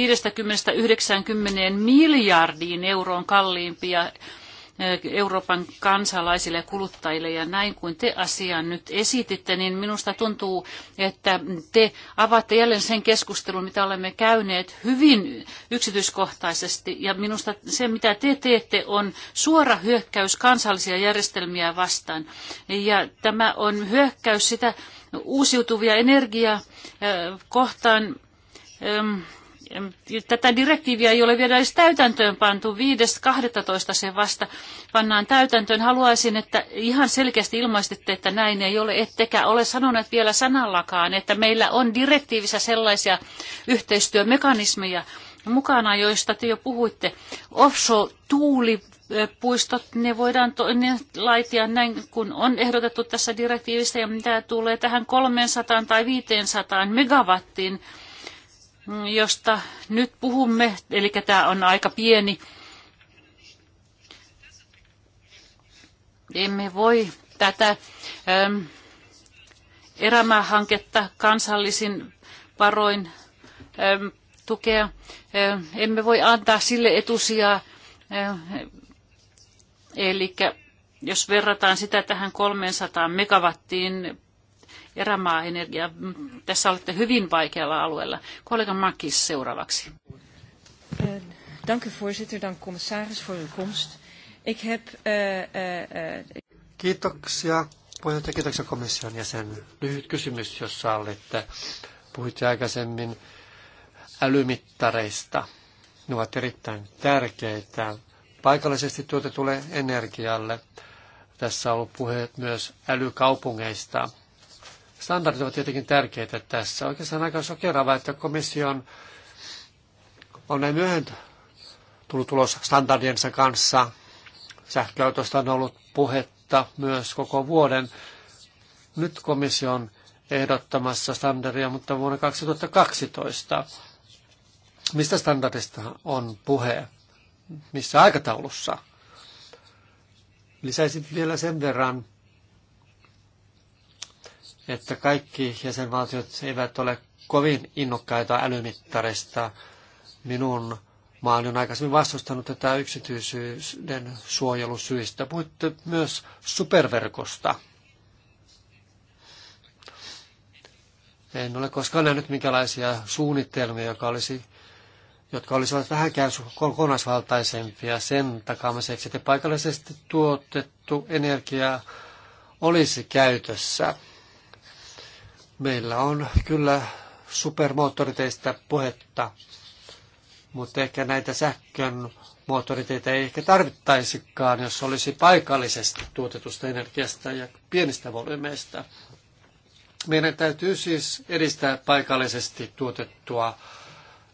S2: miljardiin euroon kalliimpia Euroopan kansalaisille ja kuluttajille. Ja näin kuin te asian nyt esititte, niin minusta tuntuu, että te avaatte jälleen sen keskustelun, mitä olemme käyneet hyvin yksityiskohtaisesti. Ja minusta se, mitä te teette, on suora hyökkäys kansallisia järjestelmiä vastaan. Ja tämä on hyökkäys sitä uusiutuvia energiaa eh, kohtaan tätä direktiiviä ei ole vielä edes täytäntöön pantu. 5.12. se vasta pannaan täytäntöön. Haluaisin, että ihan selkeästi ilmaistitte, että näin ei ole, ettekä ole sanoneet vielä sanallakaan, että meillä on direktiivissä sellaisia yhteistyömekanismeja mukana, joista te jo puhuitte. Offshore-tuuli puistot, ne voidaan to, ne laitia näin, kun on ehdotettu tässä direktiivissä, ja mitä tulee tähän 300 tai 500 megawattiin, josta nyt puhumme, eli tämä on aika pieni. Emme voi tätä ähm, erämäähanketta kansallisin varoin ähm, tukea. Ähm, emme voi antaa sille etusijaa. Ähm, eli jos verrataan sitä tähän 300 megawattiin erämaa energia energiaa. Tässä olette hyvin vaikealla alueella. Kollega Makis seuraavaksi. Eh, dank u voorzitter, dank commissaris voor uw komst. Ik heb... Eh, eh,
S1: kiitoksia puheenjohtaja, kiitoksia komission jäsen. Lyhyt kysymys, jos sallitte. Puhuitte aikaisemmin älymittareista. Ne ovat erittäin tärkeitä paikallisesti tuotetulle energialle. Tässä on ollut puhe myös älykaupungeista. Standardit ovat tietenkin tärkeitä tässä. Oikeastaan aika sokerava, että komissio on näin myöhään tullut ulos standardiensa kanssa. Sähköautosta on ollut puhetta myös koko vuoden. Nyt komissio on ehdottamassa standardia, mutta vuonna 2012. Mistä standardista on puhe? Missä aikataulussa? Lisäisin vielä sen verran, että kaikki jäsenvaltiot eivät ole kovin innokkaita älymittarista. Minun maani on aikaisemmin vastustanut tätä yksityisyyden suojelusyistä. mutta myös superverkosta. En ole koskaan nähnyt minkälaisia suunnitelmia, jotka, olisi, jotka olisivat vähänkään kokonaisvaltaisempia sen takaamiseksi, että paikallisesti tuotettu energia olisi käytössä. Meillä on kyllä supermoottoriteistä puhetta, mutta ehkä näitä sähkön moottoriteitä ei ehkä tarvittaisikaan, jos olisi paikallisesti tuotetusta energiasta ja pienistä volyymeista. Meidän täytyy siis edistää paikallisesti tuotettua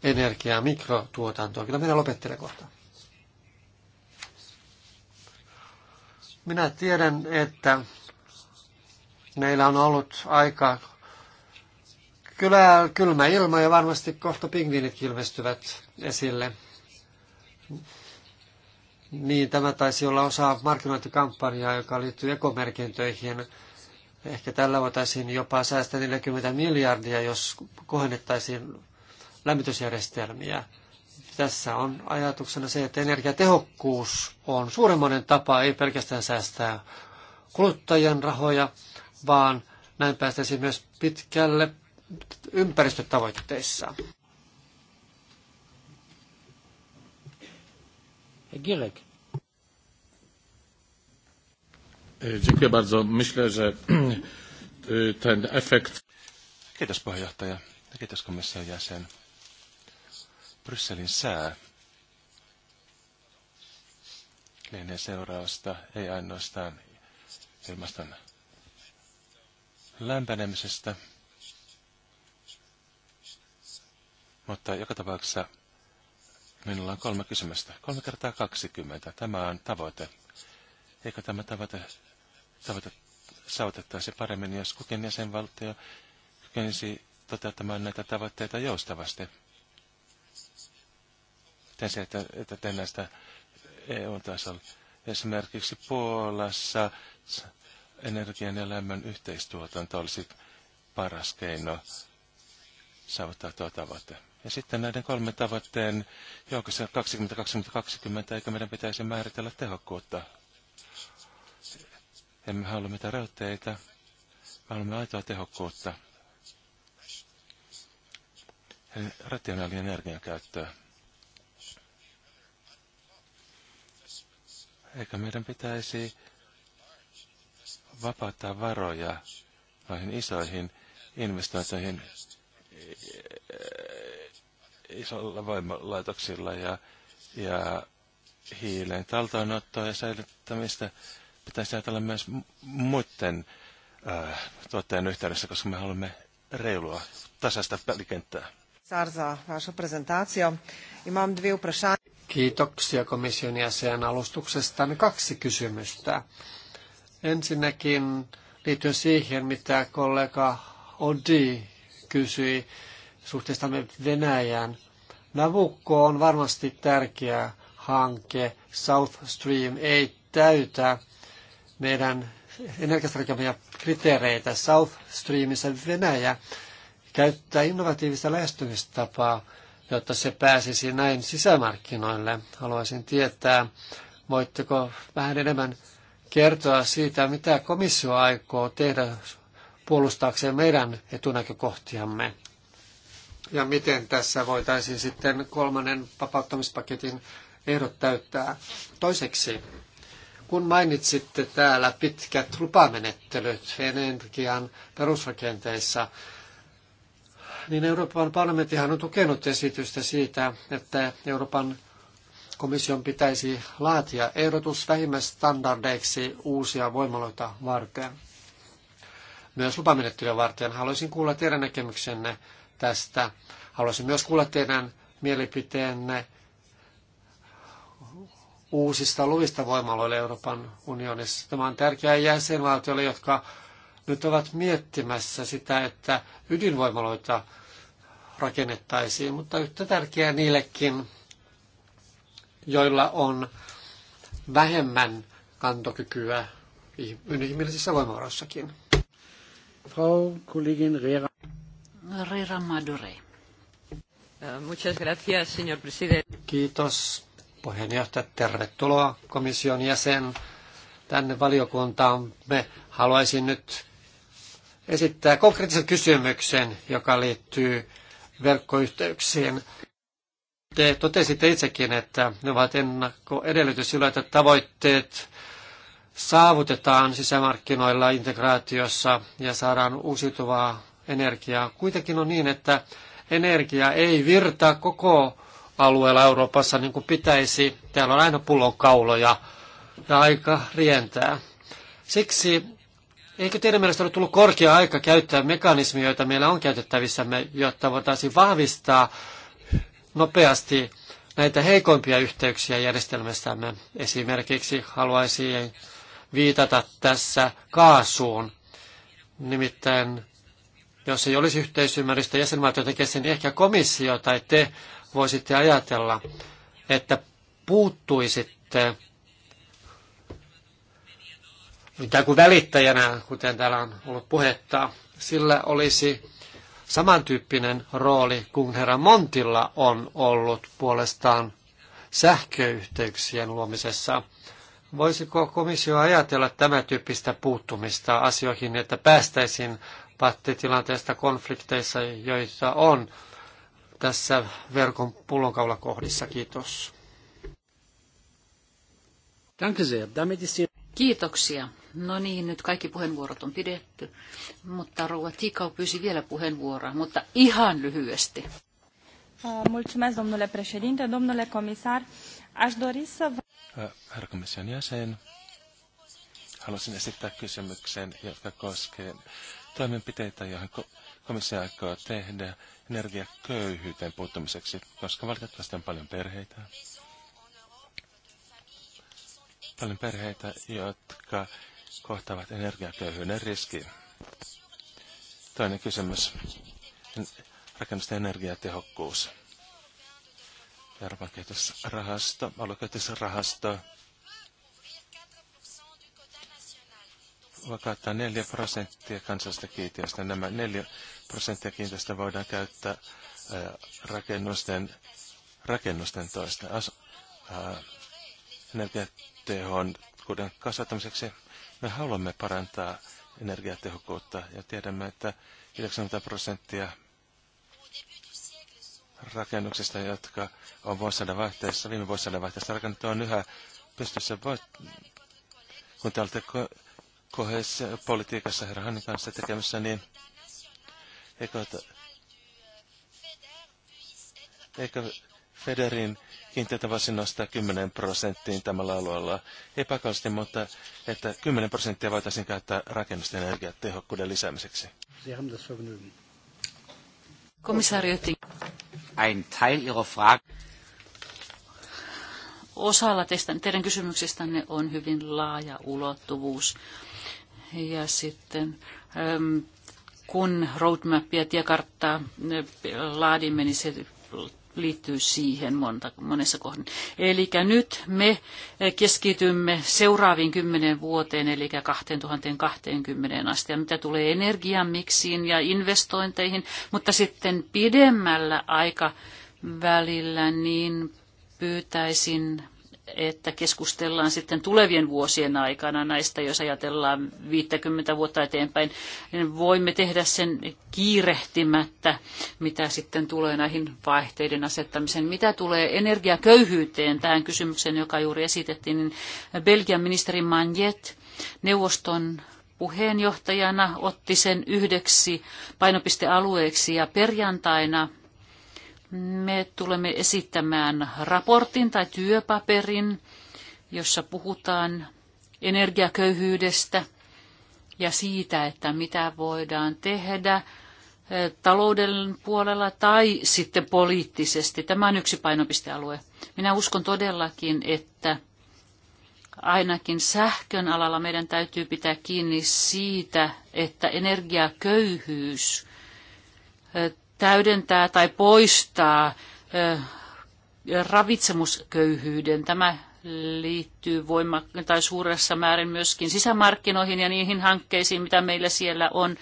S1: energiaa, mikrotuotantoa. Kyllä minä lopettelen kohta. Minä tiedän, että meillä on ollut aika Kyllä kylmä ilma ja varmasti kohta pingviinit ilmestyvät esille. Niin, tämä taisi olla osa markkinointikampanjaa, joka liittyy ekomerkintöihin. Ehkä tällä voitaisiin jopa säästää 40 miljardia, jos kohennettaisiin lämmitysjärjestelmiä. Tässä on ajatuksena se, että energiatehokkuus on suuremmoinen tapa, ei pelkästään säästää kuluttajien rahoja, vaan näin päästäisiin myös pitkälle ympäristötavoitteissa. Gilek.
S3: E, dziękuję bardzo. Myślę, że e, ten efekt... Kiitos puheenjohtaja ja kiitos komission jäsen. Brysselin sää lienee seurausta ei ainoastaan ilmaston lämpenemisestä, Mutta joka tapauksessa minulla on kolme kysymystä. Kolme kertaa 20. Tämä on tavoite. Eikö tämä tavoite, tavoite saavutettaisi paremmin, jos kukin jäsenvaltio kykenisi toteuttamaan näitä tavoitteita joustavasti? Miten se, että, että teen näistä EU-tasolla? Esimerkiksi Puolassa energian ja lämmön yhteistuotanto olisi paras keino saavuttaa tuo tavoite. Ja sitten näiden kolmen tavoitteen joukossa 2020-2020, eikä meidän pitäisi määritellä tehokkuutta. Emme halua mitään rajoitteita, haluamme aitoa tehokkuutta. Eli rationaalinen energiankäyttöä. Eikä meidän pitäisi vapauttaa varoja noihin isoihin investointeihin isolla voimalaitoksilla ja, ja hiilen taltoinottoa ja säilyttämistä pitäisi ajatella myös muiden äh, tuottajien yhteydessä, koska me haluamme reilua, tasaista pelikenttää.
S2: Sarza, vaša prezentaatio. Imam dvi
S1: Kiitoksia komission jäsen alustuksesta. Niin kaksi kysymystä. Ensinnäkin liittyen siihen, mitä kollega Odi kysyi suhteestamme Venäjään. Navukko on varmasti tärkeä hanke. South Stream ei täytä meidän energiastrategiamme kriteereitä. South Streamissa Venäjä käyttää innovatiivista lähestymistapaa, jotta se pääsisi näin sisämarkkinoille. Haluaisin tietää, voitteko vähän enemmän kertoa siitä, mitä komissio aikoo tehdä puolustaakseen meidän etunäkökohtiamme ja miten tässä voitaisiin sitten kolmannen vapauttamispaketin ehdot täyttää. Toiseksi, kun mainitsitte täällä pitkät lupamenettelyt energian perusrakenteissa, niin Euroopan parlamenttihan on tukenut esitystä siitä, että Euroopan komission pitäisi laatia ehdotus vähimmäistandardeiksi uusia voimaloita varten. Myös lupamenettelyä varten haluaisin kuulla teidän näkemyksenne tästä. Haluaisin myös kuulla teidän mielipiteenne uusista luvista voimaloille Euroopan unionissa. Tämä on tärkeää jäsenvaltioille, jotka nyt ovat miettimässä sitä, että ydinvoimaloita rakennettaisiin, mutta yhtä tärkeää niillekin, joilla on vähemmän kantokykyä inhimillisissä voimavaroissakin. Frau Kollegin Reera.
S2: Riira Madure. Eh, muchas gracias, señor presidente.
S1: Kiitos puheenjohtaja. Tervetuloa komission jäsen tänne valiokuntaan. Me haluaisin nyt esittää konkreettisen kysymyksen, joka liittyy verkkoyhteyksiin. Te totesitte itsekin, että ne ovat ennakkoedellytys sillä, että tavoitteet saavutetaan sisämarkkinoilla integraatiossa ja saadaan uusiutuvaa energiaa. Kuitenkin on niin, että energia ei virtaa koko alueella Euroopassa niin kuin pitäisi. Täällä on aina pullonkauloja ja aika rientää. Siksi eikö teidän mielestä ole tullut korkea aika käyttää mekanismia, joita meillä on käytettävissämme, jotta voitaisiin vahvistaa nopeasti näitä heikoimpia yhteyksiä järjestelmästämme. Esimerkiksi haluaisin viitata tässä kaasuun. Nimittäin jos ei olisi yhteisymmärrystä jäsenmaat tekisi, sen, niin ehkä komissio tai te voisitte ajatella, että puuttuisitte ikään kuin välittäjänä, kuten täällä on ollut puhetta, sillä olisi samantyyppinen rooli kuin herra Montilla on ollut puolestaan sähköyhteyksien luomisessa. Voisiko komissio ajatella tämä tyyppistä puuttumista asioihin, että päästäisiin pattitilanteesta konflikteissa, joita on tässä verkon pullonkaulakohdissa. Kiitos.
S2: Kiitoksia. No niin, nyt kaikki puheenvuorot on pidetty, mutta Rouva Tikau pyysi vielä puheenvuoroa, mutta ihan lyhyesti. Uh, mulțumesc, domnule președinte, domnule comisar. Aș dori să vă...
S3: Herra komission jäsen, haluaisin esittää kysymyksen, joka koskee toimenpiteitä, joihin komissio aikoo tehdä energiaköyhyyteen puuttumiseksi, koska valitettavasti on paljon perheitä. Paljon perheitä, jotka kohtaavat energiaköyhyyden riski. Toinen kysymys. Rakennusten energiatehokkuus. Euroopan kehitysrahasto, aluekehitysrahasto vakauttaa 4 prosenttia kansallisesta kiinteästä. Nämä 4 prosenttia kiinteästä voidaan käyttää äh, rakennusten, rakennusten toista as, äh, energiatehon kuten kasvattamiseksi. Me haluamme parantaa energiatehokkuutta ja tiedämme, että 90 prosenttia rakennuksista, jotka on vuosisadan vaihteessa, viime vuosisadan vaihteessa rakennettu, on yhä pystyssä. Voit, kun te olette koheispolitiikassa herra Hannin kanssa tekemässä, niin eikö, eikö Federin kiinteitä voisi nostaa 10 prosenttiin tämällä alueella epäkaisesti, mutta että 10 prosenttia voitaisiin käyttää rakennusten energiatehokkuuden lisäämiseksi.
S2: Komissaari
S1: Ein Teil Ihrer Frage.
S2: Osalla teistä, teidän kysymyksistänne on hyvin laaja ulottuvuus ja sitten ähm, kun roadmap ja tiekarttaa äh, laadimme, niin se liittyy siihen monta, monessa kohdin. Eli nyt me äh, keskitymme seuraaviin kymmenen vuoteen, eli 2020 asti, ja mitä tulee energiamiksiin ja investointeihin, mutta sitten pidemmällä aikavälillä niin pyytäisin että keskustellaan sitten tulevien vuosien aikana näistä, jos ajatellaan 50 vuotta eteenpäin, niin voimme tehdä sen kiirehtimättä, mitä sitten tulee näihin vaihteiden asettamiseen. Mitä tulee energiaköyhyyteen tähän kysymykseen, joka juuri esitettiin, niin Belgian ministeri Manjet neuvoston puheenjohtajana otti sen yhdeksi painopistealueeksi ja perjantaina me tulemme esittämään raportin tai työpaperin, jossa puhutaan energiaköyhyydestä ja siitä, että mitä voidaan tehdä eh, talouden puolella tai sitten poliittisesti. Tämä on yksi painopistealue. Minä uskon todellakin, että ainakin sähkön alalla meidän täytyy pitää kiinni siitä, että energiaköyhyys eh, täydentää tai poistaa ravitsemusköyhyyden. Tämä liittyy voimak- tai suuressa määrin myöskin sisämarkkinoihin ja niihin hankkeisiin, mitä meillä siellä on.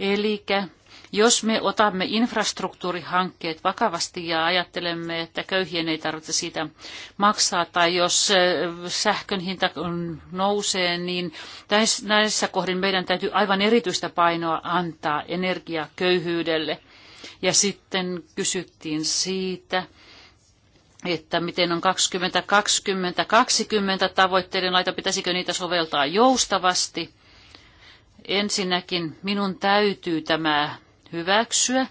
S2: Eli jos me otamme infrastruktuurihankkeet vakavasti ja ajattelemme, että köyhien ei tarvitse siitä maksaa, tai jos sähkön hinta nousee, niin näissä kohdin meidän täytyy aivan erityistä painoa antaa energiaköyhyydelle. Ja sitten kysyttiin siitä, että miten on 2020 20, 20 tavoitteiden laita, pitäisikö niitä soveltaa joustavasti. Ensinnäkin minun täytyy tämä hyväksyä.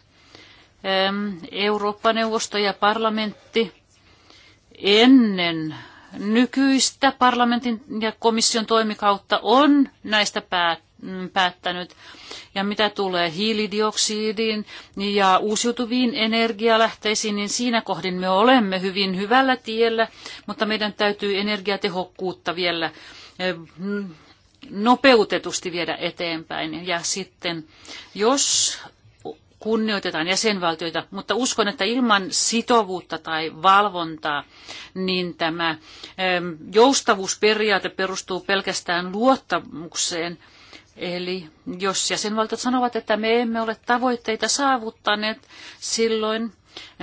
S2: Eurooppa-neuvosto ja parlamentti ennen nykyistä parlamentin ja komission toimikautta on näistä päättänyt Mm, päättänyt. Ja mitä tulee hiilidioksidiin ja uusiutuviin energialähteisiin, niin siinä kohdin me olemme hyvin hyvällä tiellä, mutta meidän täytyy energiatehokkuutta vielä eh, mm, nopeutetusti viedä eteenpäin. Ja sitten, jos kunnioitetaan jäsenvaltioita, mutta uskon, että ilman sitovuutta tai valvontaa, niin tämä eh, joustavuusperiaate perustuu pelkästään luottamukseen – Eli jos jäsenvaltiot sanovat, että me emme ole tavoitteita saavuttaneet, silloin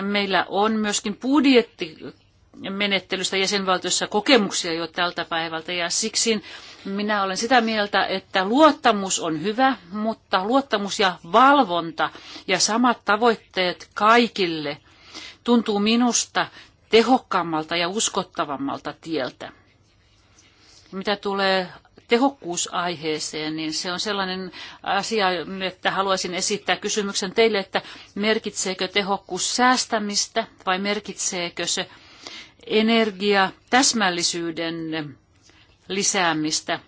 S2: meillä on myöskin budjetti menettelystä jäsenvaltiossa kokemuksia jo tältä päivältä ja siksi minä olen sitä mieltä, että luottamus on hyvä, mutta luottamus ja valvonta ja samat tavoitteet kaikille tuntuu minusta tehokkaammalta ja uskottavammalta tieltä. Mitä tulee tehokkuusaiheeseen, niin se on sellainen asia, että haluaisin esittää kysymyksen teille, että merkitseekö tehokkuus säästämistä vai merkitseekö se energia täsmällisyyden lisäämistä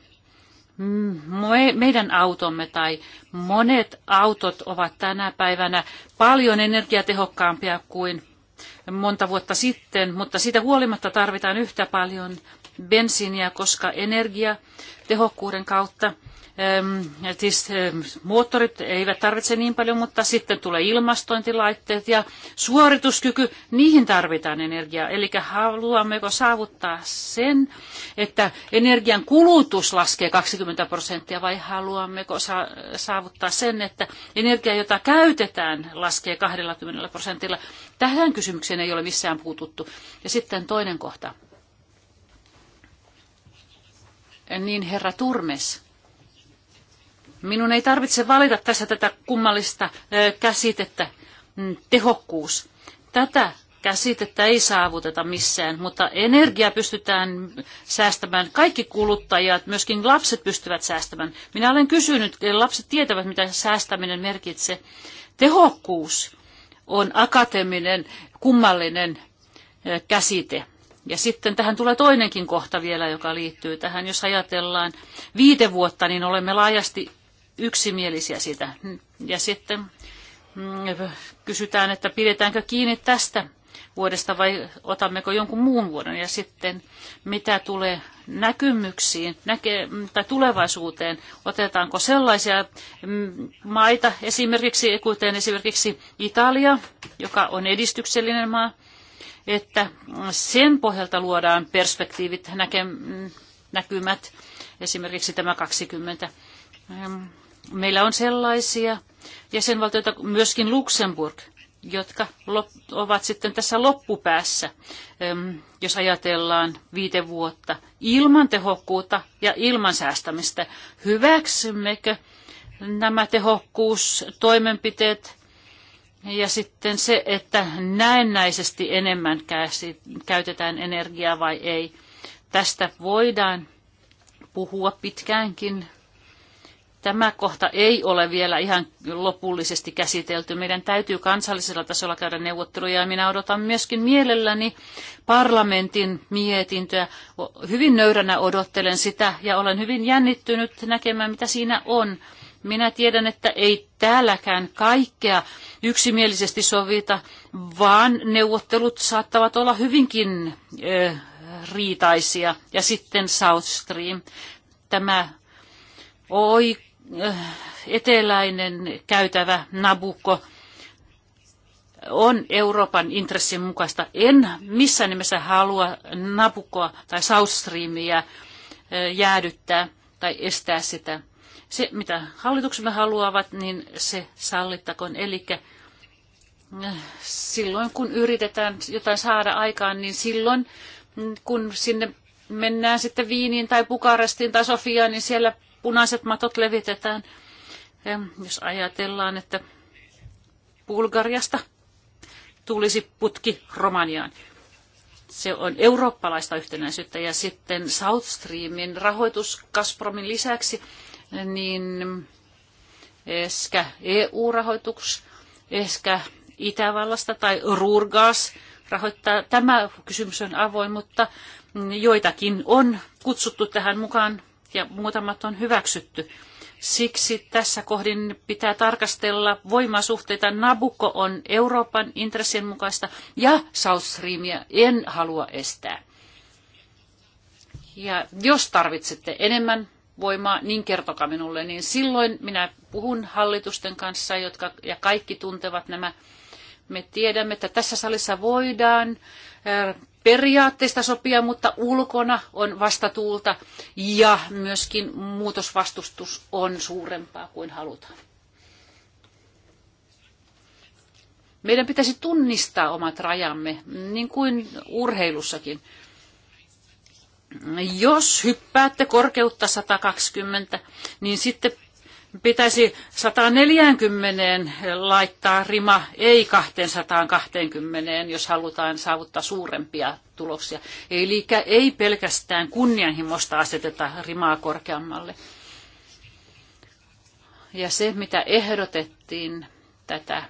S2: meidän automme tai monet autot ovat tänä päivänä paljon energiatehokkaampia kuin monta vuotta sitten, mutta siitä huolimatta tarvitaan yhtä paljon bensiiniä, koska energia tehokkuuden kautta ähm, siis ähm, moottorit eivät tarvitse niin paljon, mutta sitten tulee ilmastointilaitteet ja suorituskyky, niihin tarvitaan energiaa. Eli haluammeko saavuttaa sen, että energian kulutus laskee 20 prosenttia vai haluammeko saavuttaa sen, että energia, jota käytetään, laskee 20 prosentilla. Tähän kysymykseen ei ole missään puututtu. Ja sitten toinen kohta niin herra Turmes, minun ei tarvitse valita tässä tätä kummallista käsitettä mm, tehokkuus. Tätä käsitettä ei saavuteta missään, mutta energiaa pystytään säästämään. Kaikki kuluttajat, myöskin lapset pystyvät säästämään. Minä olen kysynyt, lapset tietävät, mitä säästäminen merkitsee. Tehokkuus on akateeminen, kummallinen käsite. Ja sitten tähän tulee toinenkin kohta vielä, joka liittyy tähän. Jos ajatellaan viite vuotta, niin olemme laajasti yksimielisiä sitä. Ja sitten mm, kysytään, että pidetäänkö kiinni tästä vuodesta vai otammeko jonkun muun vuoden. Ja sitten mitä tulee näkymyksiin näke, tai tulevaisuuteen, otetaanko sellaisia mm, maita, esimerkiksi, kuten esimerkiksi Italia, joka on edistyksellinen maa, että sen pohjalta luodaan perspektiivit, näkymät, esimerkiksi tämä 20. Ehm, meillä on sellaisia jäsenvaltioita, myöskin Luxemburg, jotka ovat sitten tässä loppupäässä, ehm, jos ajatellaan viite vuotta, ilman tehokkuutta ja ilman säästämistä. Hyväksymmekö nämä tehokkuustoimenpiteet ja sitten se, että näennäisesti enemmän käytetään energiaa vai ei. Tästä voidaan puhua pitkäänkin. Tämä kohta ei ole vielä ihan lopullisesti käsitelty. Meidän täytyy kansallisella tasolla käydä neuvotteluja ja minä odotan myöskin mielelläni parlamentin mietintöä. Hyvin nöyränä odottelen sitä ja olen hyvin jännittynyt näkemään, mitä siinä on. Minä tiedän, että ei täälläkään kaikkea yksimielisesti sovita, vaan neuvottelut saattavat olla hyvinkin ö, riitaisia. Ja sitten South Stream, tämä oi, ö, eteläinen käytävä Nabukko, on Euroopan intressin mukaista. En missään nimessä halua Nabukoa tai South Streamia jäädyttää tai estää sitä se, mitä hallituksemme haluavat, niin se sallittakoon. Eli eh, silloin, kun yritetään jotain saada aikaan, niin silloin, mm, kun sinne mennään sitten Viiniin tai Bukarestiin tai Sofiaan, niin siellä punaiset matot levitetään. Jos ajatellaan, että Bulgariasta tulisi putki Romaniaan. Se on eurooppalaista yhtenäisyyttä ja sitten South Streamin rahoitus Gazpromin lisäksi – niin ehkä EU-rahoitus, ehkä Itävallasta tai Ruurgas rahoittaa. Tämä kysymys on avoin, mutta joitakin on kutsuttu tähän mukaan ja muutamat on hyväksytty. Siksi tässä kohdin pitää tarkastella voimasuhteita. Nabucco on Euroopan intressien mukaista ja South Streamia en halua estää. Ja jos tarvitsette enemmän voimaa, niin kertokaa minulle. Niin silloin minä puhun hallitusten kanssa, jotka, ja kaikki tuntevat nämä. Me tiedämme, että tässä salissa voidaan äh, periaatteista sopia, mutta ulkona on vastatuulta ja myöskin muutosvastustus on suurempaa kuin halutaan. Meidän pitäisi tunnistaa omat rajamme, niin kuin urheilussakin jos hyppäätte korkeutta 120, niin sitten pitäisi 140 laittaa rima, ei 220, jos halutaan saavuttaa suurempia tuloksia. Eli ei pelkästään kunnianhimosta aseteta rimaa korkeammalle. Ja se, mitä ehdotettiin tätä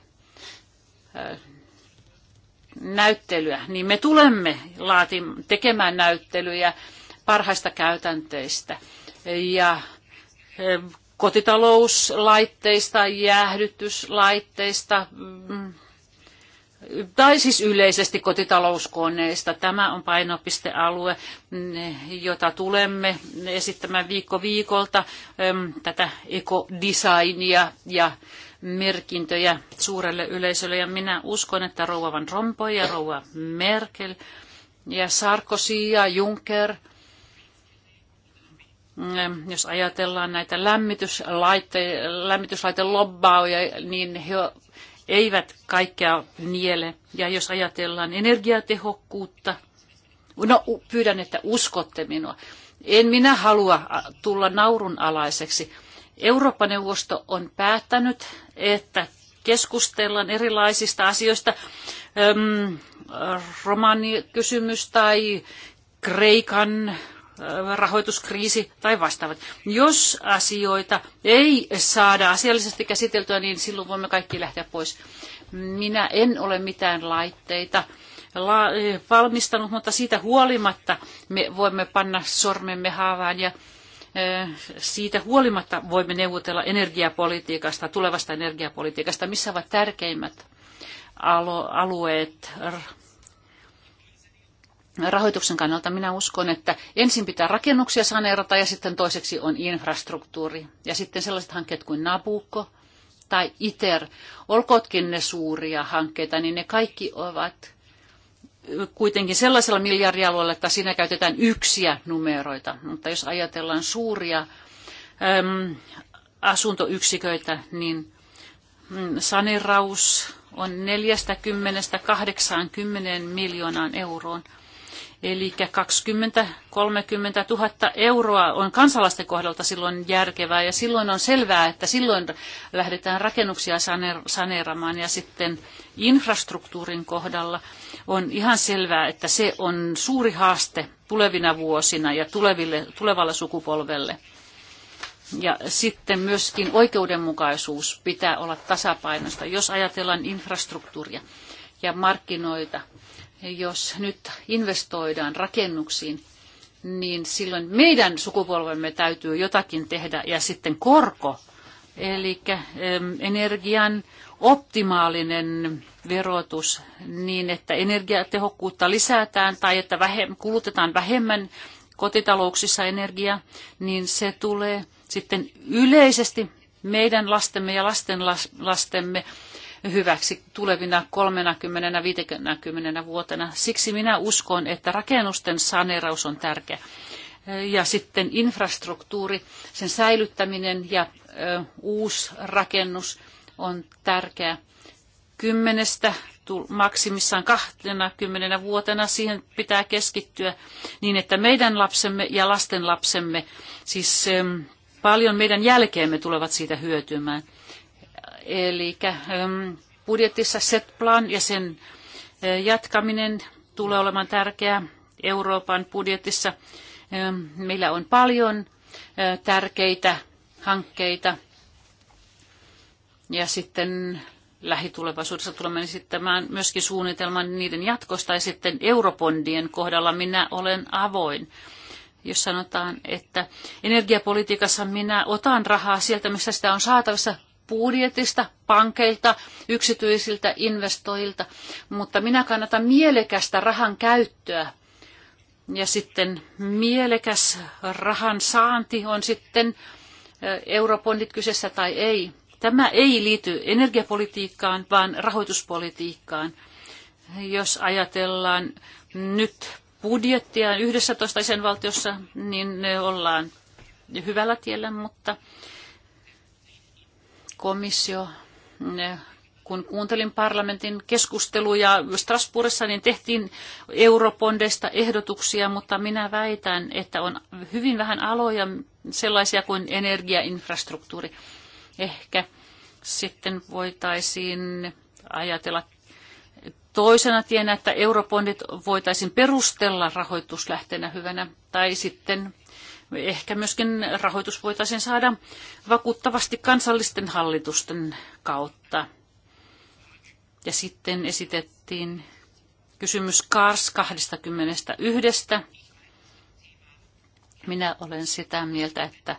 S2: näyttelyä, niin me tulemme laati- tekemään näyttelyjä parhaista käytänteistä ja e, kotitalouslaitteista, jäähdytyslaitteista, mm, tai siis yleisesti kotitalouskoneista. Tämä on painopistealue, jota tulemme esittämään viikko viikolta tätä ekodesignia ja merkintöjä suurelle yleisölle. Ja minä uskon, että rouva Van Rompuy ja rouva Merkel ja Sarkozy ja Juncker, mm, jos ajatellaan näitä lämmityslaite, lämmityslaitelobbauja, niin he eivät kaikkea niele. Ja jos ajatellaan energiatehokkuutta, no pyydän, että uskotte minua. En minä halua äh, tulla naurunalaiseksi, Eurooppa-neuvosto on päättänyt, että keskustellaan erilaisista asioista, öm, romanikysymys tai Kreikan rahoituskriisi tai vastaavat. Jos asioita ei saada asiallisesti käsiteltyä, niin silloin voimme kaikki lähteä pois. Minä en ole mitään laitteita valmistanut, mutta siitä huolimatta me voimme panna sormemme haavaan ja Eh, siitä huolimatta voimme neuvotella energiapolitiikasta, tulevasta energiapolitiikasta, missä ovat tärkeimmät alueet rahoituksen kannalta. Minä uskon, että ensin pitää rakennuksia saneerata ja sitten toiseksi on infrastruktuuri. Ja sitten sellaiset hankkeet kuin Nabucco tai ITER, olkootkin ne suuria hankkeita, niin ne kaikki ovat kuitenkin sellaisella miljardialueella, että siinä käytetään yksiä numeroita. Mutta jos ajatellaan suuria äm, asuntoyksiköitä, niin mm, saneraus on 40-80 miljoonaan euroon – Eli 20 30 000 euroa on kansalaisten kohdalta silloin järkevää ja silloin on selvää, että silloin lähdetään rakennuksia saneeramaan ja sitten infrastruktuurin kohdalla on ihan selvää, että se on suuri haaste tulevina vuosina ja tuleville, tulevalle sukupolvelle. Ja sitten myöskin oikeudenmukaisuus pitää olla tasapainosta, jos ajatellaan infrastruktuuria ja markkinoita jos nyt investoidaan rakennuksiin, niin silloin meidän sukupolvemme täytyy jotakin tehdä ja sitten korko, eli energian optimaalinen verotus niin, että energiatehokkuutta lisätään tai että vähem, kulutetaan vähemmän kotitalouksissa energiaa, niin se tulee sitten yleisesti meidän lastemme ja lasten lastemme hyväksi tulevina 30-50 vuotena. Siksi minä uskon, että rakennusten saneeraus on tärkeä. Ja sitten infrastruktuuri, sen säilyttäminen ja ö, uusi rakennus on tärkeä. Kymmenestä maksimissaan 20 vuotena siihen pitää keskittyä niin, että meidän lapsemme ja lasten lapsemme, siis paljon meidän jälkeemme tulevat siitä hyötymään. Eli ähm, budjetissa SET-plan ja sen äh, jatkaminen tulee olemaan tärkeää Euroopan budjetissa. Ähm, meillä on paljon äh, tärkeitä hankkeita ja sitten lähitulevaisuudessa tulemme esittämään myöskin suunnitelman niiden jatkosta ja sitten eurobondien kohdalla minä olen avoin. Jos sanotaan, että energiapolitiikassa minä otan rahaa sieltä, missä sitä on saatavissa, budjetista, pankeilta, yksityisiltä investoilta, mutta minä kannatan mielekästä rahan käyttöä. Ja sitten mielekäs rahan saanti on sitten eurobondit kyseessä tai ei. Tämä ei liity energiapolitiikkaan, vaan rahoituspolitiikkaan. Jos ajatellaan nyt budjettia 11 jäsenvaltiossa, niin ne ollaan hyvällä tiellä, mutta komissio, kun kuuntelin parlamentin keskusteluja Strasbourgissa, niin tehtiin eurobondeista ehdotuksia, mutta minä väitän, että on hyvin vähän aloja sellaisia kuin energiainfrastruktuuri. Ehkä sitten voitaisiin ajatella toisena tienä, että eurobondit voitaisiin perustella rahoituslähteenä hyvänä, tai sitten Ehkä myöskin rahoitus voitaisiin saada vakuuttavasti kansallisten hallitusten kautta. Ja sitten esitettiin kysymys Kars 21. Minä olen sitä mieltä, että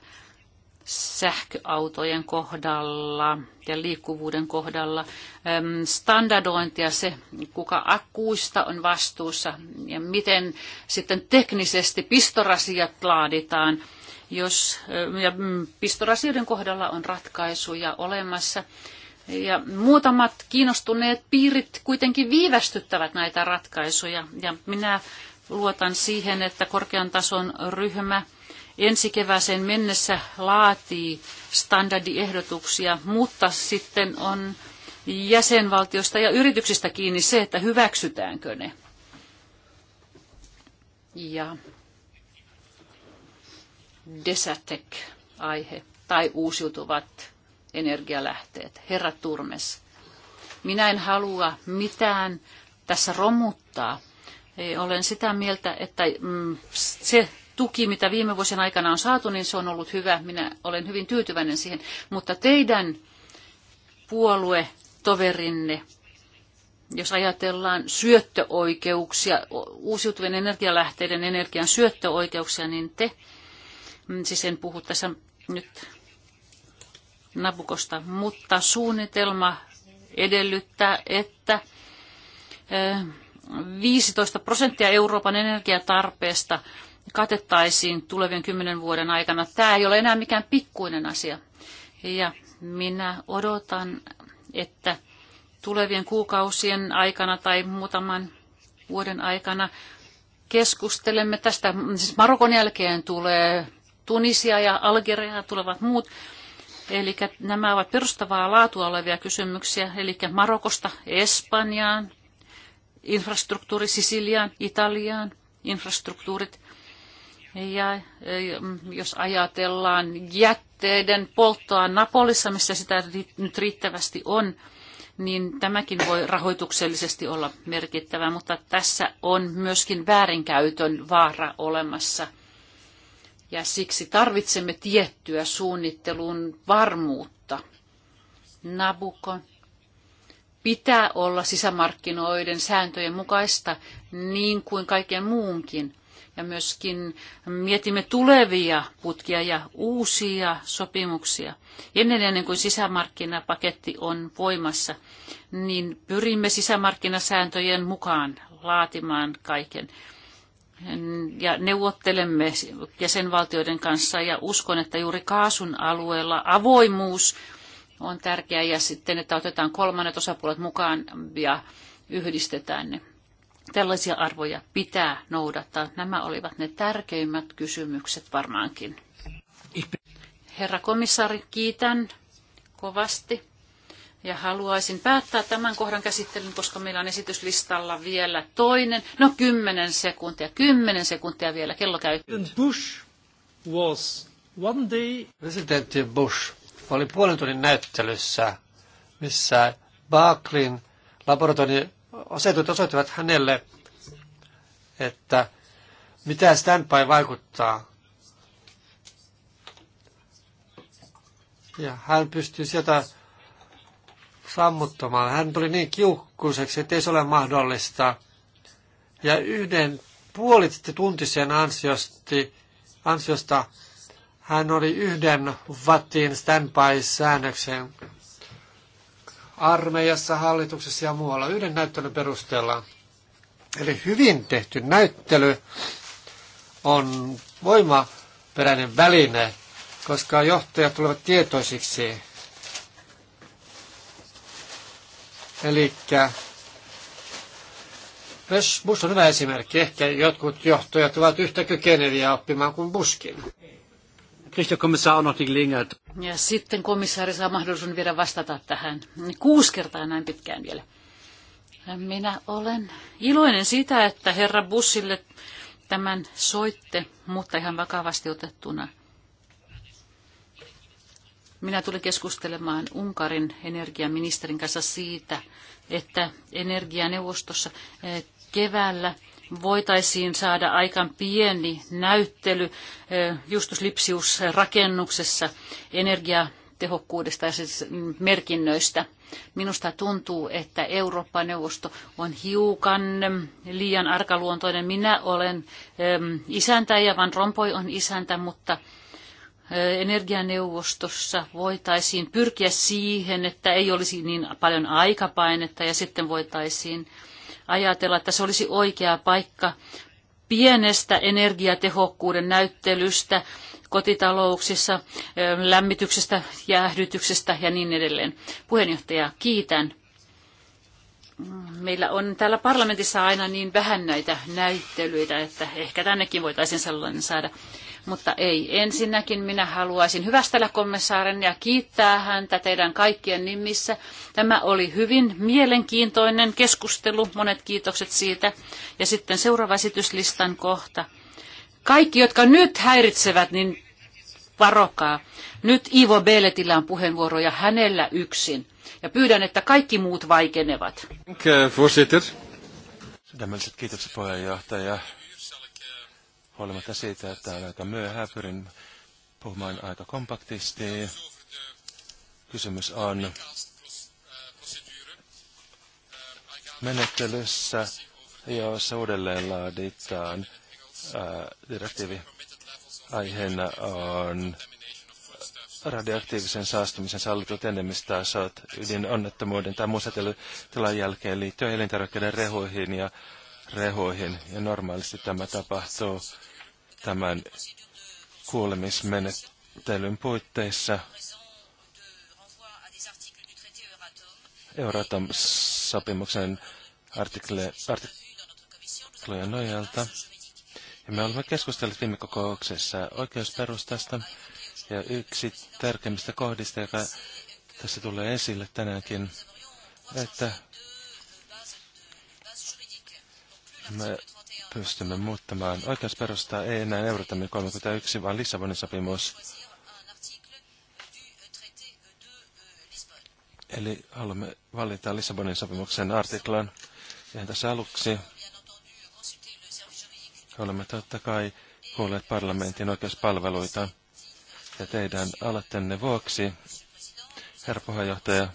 S2: sähköautojen kohdalla ja liikkuvuuden kohdalla standardointia, se kuka akkuista on vastuussa ja miten sitten teknisesti pistorasiat laaditaan. Jos, ja mm, pistorasioiden kohdalla on ratkaisuja olemassa. Ja muutamat kiinnostuneet piirit kuitenkin viivästyttävät näitä ratkaisuja ja minä luotan siihen, että korkean tason ryhmä – ensi kevääseen mennessä laatii standardiehdotuksia, mutta sitten on jäsenvaltiosta ja yrityksistä kiinni se, että hyväksytäänkö ne. Ja desatec aihe tai uusiutuvat energialähteet. Herra Turmes, minä en halua mitään tässä romuttaa. Olen sitä mieltä, että mm, se tuki, mitä viime vuosien aikana on saatu, niin se on ollut hyvä. Minä olen hyvin tyytyväinen siihen. Mutta teidän puolue toverinne, jos ajatellaan syöttöoikeuksia, uusiutuvien energialähteiden energian syöttöoikeuksia, niin te, mm, siis en puhu tässä nyt Nabukosta, mutta suunnitelma edellyttää, että 15 eh, prosenttia Euroopan energiatarpeesta katettaisiin tulevien kymmenen vuoden aikana. Tämä ei ole enää mikään pikkuinen asia. Ja minä odotan, että tulevien kuukausien aikana tai muutaman vuoden aikana keskustelemme tästä. Siis Marokon jälkeen tulee Tunisia ja Algeria tulevat muut. Eli nämä ovat perustavaa laatua olevia kysymyksiä, eli Marokosta Espanjaan, infrastruktuuri Sisiliaan, Italiaan, infrastruktuurit ja eh, jos ajatellaan jätteiden polttoa Napolissa, missä sitä nyt riittävästi on, niin tämäkin voi rahoituksellisesti olla merkittävä, mutta tässä on myöskin väärinkäytön vaara olemassa. Ja siksi tarvitsemme tiettyä suunnittelun varmuutta. Nabuko pitää olla sisämarkkinoiden sääntöjen mukaista niin kuin kaiken muunkin ja myöskin mietimme tulevia putkia ja uusia sopimuksia. Ennen ennen kuin sisämarkkinapaketti on voimassa, niin pyrimme sisämarkkinasääntöjen mukaan laatimaan kaiken. Ja neuvottelemme jäsenvaltioiden kanssa ja uskon, että juuri kaasun alueella avoimuus on tärkeää ja sitten, että otetaan kolmannet osapuolet mukaan ja yhdistetään ne. Tällaisia arvoja pitää noudattaa. Nämä olivat ne tärkeimmät kysymykset varmaankin. Herra komissaari, kiitän kovasti. Ja haluaisin päättää tämän kohdan käsittelyn, koska meillä on esityslistalla vielä toinen. No kymmenen sekuntia, kymmenen sekuntia vielä, kello käy. Bush
S1: was one day... Presidentti Bush oli puolen tunnin näyttelyssä, missä Barclin laboratorio asetut osoittavat hänelle, että mitä standby vaikuttaa. Ja hän pystyi sieltä sammuttamaan. Hän tuli niin kiukkuiseksi, ettei se ole mahdollista. Ja yhden puolitti tuntisen ansiosti, ansiosta hän oli yhden vattiin standby-säännöksen armeijassa, hallituksessa ja muualla yhden näyttelyn perusteella. Eli hyvin tehty näyttely on voimaperäinen väline, koska johtajat tulevat tietoisiksi. Eli Bush on hyvä esimerkki. Ehkä jotkut johtajat ovat yhtä kykeneviä oppimaan kuin Buskin.
S2: Ja sitten komissaari saa mahdollisuuden vielä vastata tähän. Kuusi kertaa näin pitkään vielä. Minä olen iloinen sitä, että herra Bussille tämän soitte, mutta ihan vakavasti otettuna. Minä tulin keskustelemaan Unkarin energiaministerin kanssa siitä, että energianeuvostossa eh, keväällä – voitaisiin saada aikaan pieni näyttely eh, Justus Lipsius rakennuksessa energiatehokkuudesta ja siis mm, merkinnöistä. Minusta tuntuu, että Eurooppa-neuvosto on hiukan mm, liian arkaluontoinen. Minä olen isäntä ja Van Rompuy on isäntä, mutta eh, energianeuvostossa voitaisiin pyrkiä siihen, että ei olisi niin paljon aikapainetta ja sitten voitaisiin ajatella, että se olisi oikea paikka pienestä energiatehokkuuden näyttelystä kotitalouksissa, lämmityksestä, jäähdytyksestä ja niin edelleen. Puheenjohtaja, kiitän. Meillä on täällä parlamentissa aina niin vähän näitä näyttelyitä, että ehkä tännekin voitaisiin sellainen saada mutta ei. Ensinnäkin minä haluaisin hyvästellä komissaaren ja kiittää häntä teidän kaikkien nimissä. Tämä oli hyvin mielenkiintoinen keskustelu, monet kiitokset siitä. Ja sitten seuraava esityslistan kohta. Kaikki, jotka nyt häiritsevät, niin varokaa. Nyt Ivo Beletillä on puheenvuoro ja hänellä yksin. Ja pyydän, että kaikki muut vaikenevat.
S3: Eh, voorzitter. Sydämelliset kiitokset puheenjohtaja. Huolimatta siitä, että on aika myöhään, pyrin puhumaan aika kompaktisti. Kysymys on menettelyssä, jossa uudelleen laaditaan äh, direktiivi. Aiheena on radioaktiivisen saastumisen sallitut enemmistötasot ydinonnettomuuden tai muun jälkeen liittyen elintarvikkeiden rehuihin ja rehoihin. Ja normaalisti tämä tapahtuu tämän kuulemismenettelyn puitteissa. Euratom-sopimuksen artikle, artiklojen nojalta. Ja me olemme keskustelleet viime kokouksessa oikeusperustasta ja yksi tärkeimmistä kohdista, joka tässä tulee esille tänäänkin, että me pystymme muuttamaan. Oikeusperustaa ei enää Eurotamme 31, vaan Lissabonin sopimus. Eli haluamme valita Lissabonin sopimuksen artiklan. Ja tässä aluksi olemme totta kai kuulleet parlamentin oikeuspalveluita. Ja teidän aloitteenne vuoksi, herra puheenjohtaja,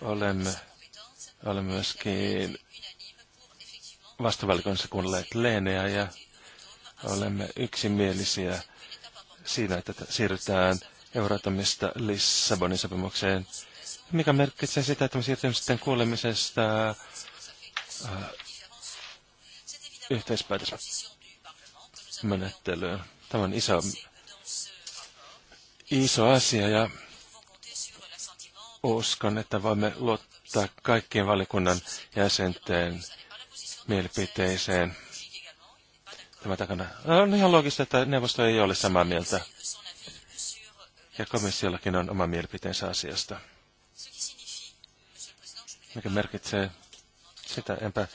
S3: olemme, olemme myöskin vastavälikoissa kuunnelleet Leeneä ja olemme yksimielisiä siinä, että siirrytään Euratomista Lissabonin sopimukseen, mikä merkitsee sitä, että me siirrymme sitten kuulemisesta äh, yhteispäätösmenettelyyn. Tämä on iso, iso asia ja uskon, että voimme luottaa kaikkien valikunnan jäsenten mielipiteeseen. Tämä takana on ihan loogista, että neuvosto ei ole samaa mieltä. Ja komissiollakin on oma mielipiteensä asiasta. Mikä merkitsee sitä, enpä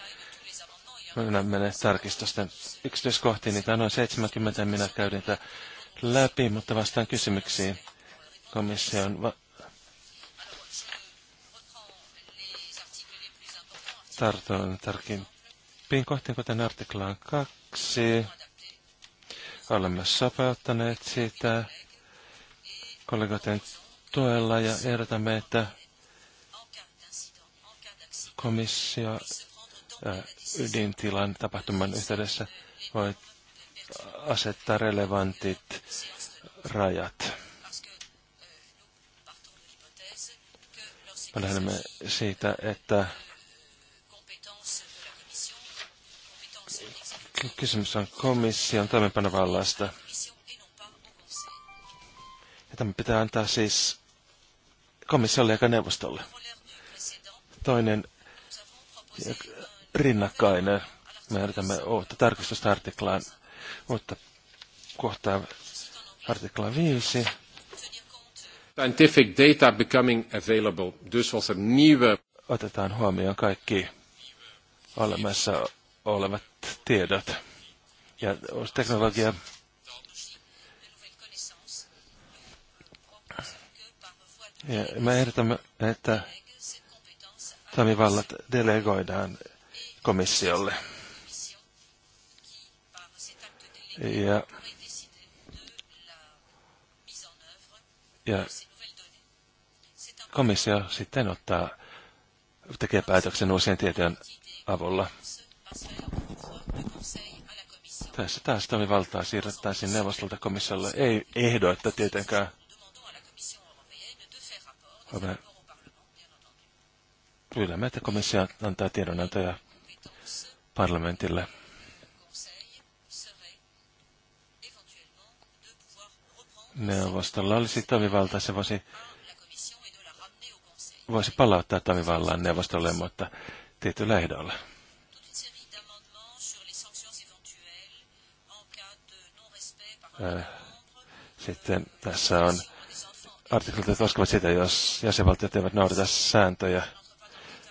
S3: minä mene tarkistusten yksityiskohtiin, niitä on noin 70, minä käyn niitä läpi, mutta vastaan kysymyksiin komission va- tartun tarkin pin kohteen, kuten artiklaan kaksi. Olemme sopeuttaneet sitä kollegoiden tuella ja ehdotamme, että komissio äh, ydintilan tapahtuman yhteydessä voi asettaa relevantit rajat. Me lähdemme siitä, että Kysymys on komission toimenpanovallasta. Ja tämä pitää antaa siis komissiolle ja neuvostolle. Toinen rinnakkainen. Me yritämme uutta tarkistusta artiklaan, mutta kohtaa artiklaan viisi.
S1: Scientific data becoming available,
S3: dus was er nieuwe... Otetaan huomioon kaikki olemassa olevat tiedot ja uusi teknologia. Ja me ehdotamme, että toimivallat delegoidaan komissiolle. Ja, ja komissio sitten ottaa, tekee päätöksen uusien tietojen avulla. Tässä taas toimivaltaa siirrettäisiin neuvostolta komissiolle. Ei että tietenkään. Me pyydämme, että komissio antaa tiedonantoja parlamentille. Neuvostolla olisi toimivaltaa, se voisi, voisi palauttaa toimivallaan neuvostolle, mutta tietyllä ehdolla. Äh, sitten tässä on artikkelit, jotka koskevat sitä, jos jäsenvaltiot eivät noudata sääntöjä.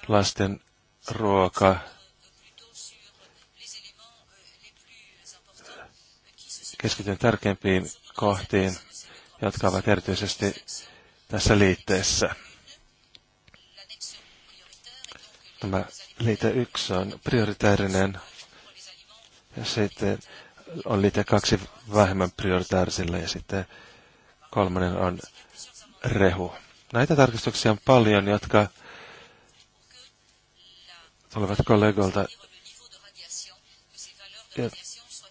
S3: Lasten ruoka, keskityn tärkeimpiin kohtiin, jotka ovat erityisesti tässä liitteessä. Tämä liite yksi on prioritaarinen ja sitten on liite kaksi vähemmän prioritaarisille ja sitten kolmannen on rehu. Näitä tarkistuksia on paljon, jotka tulevat kollegoilta,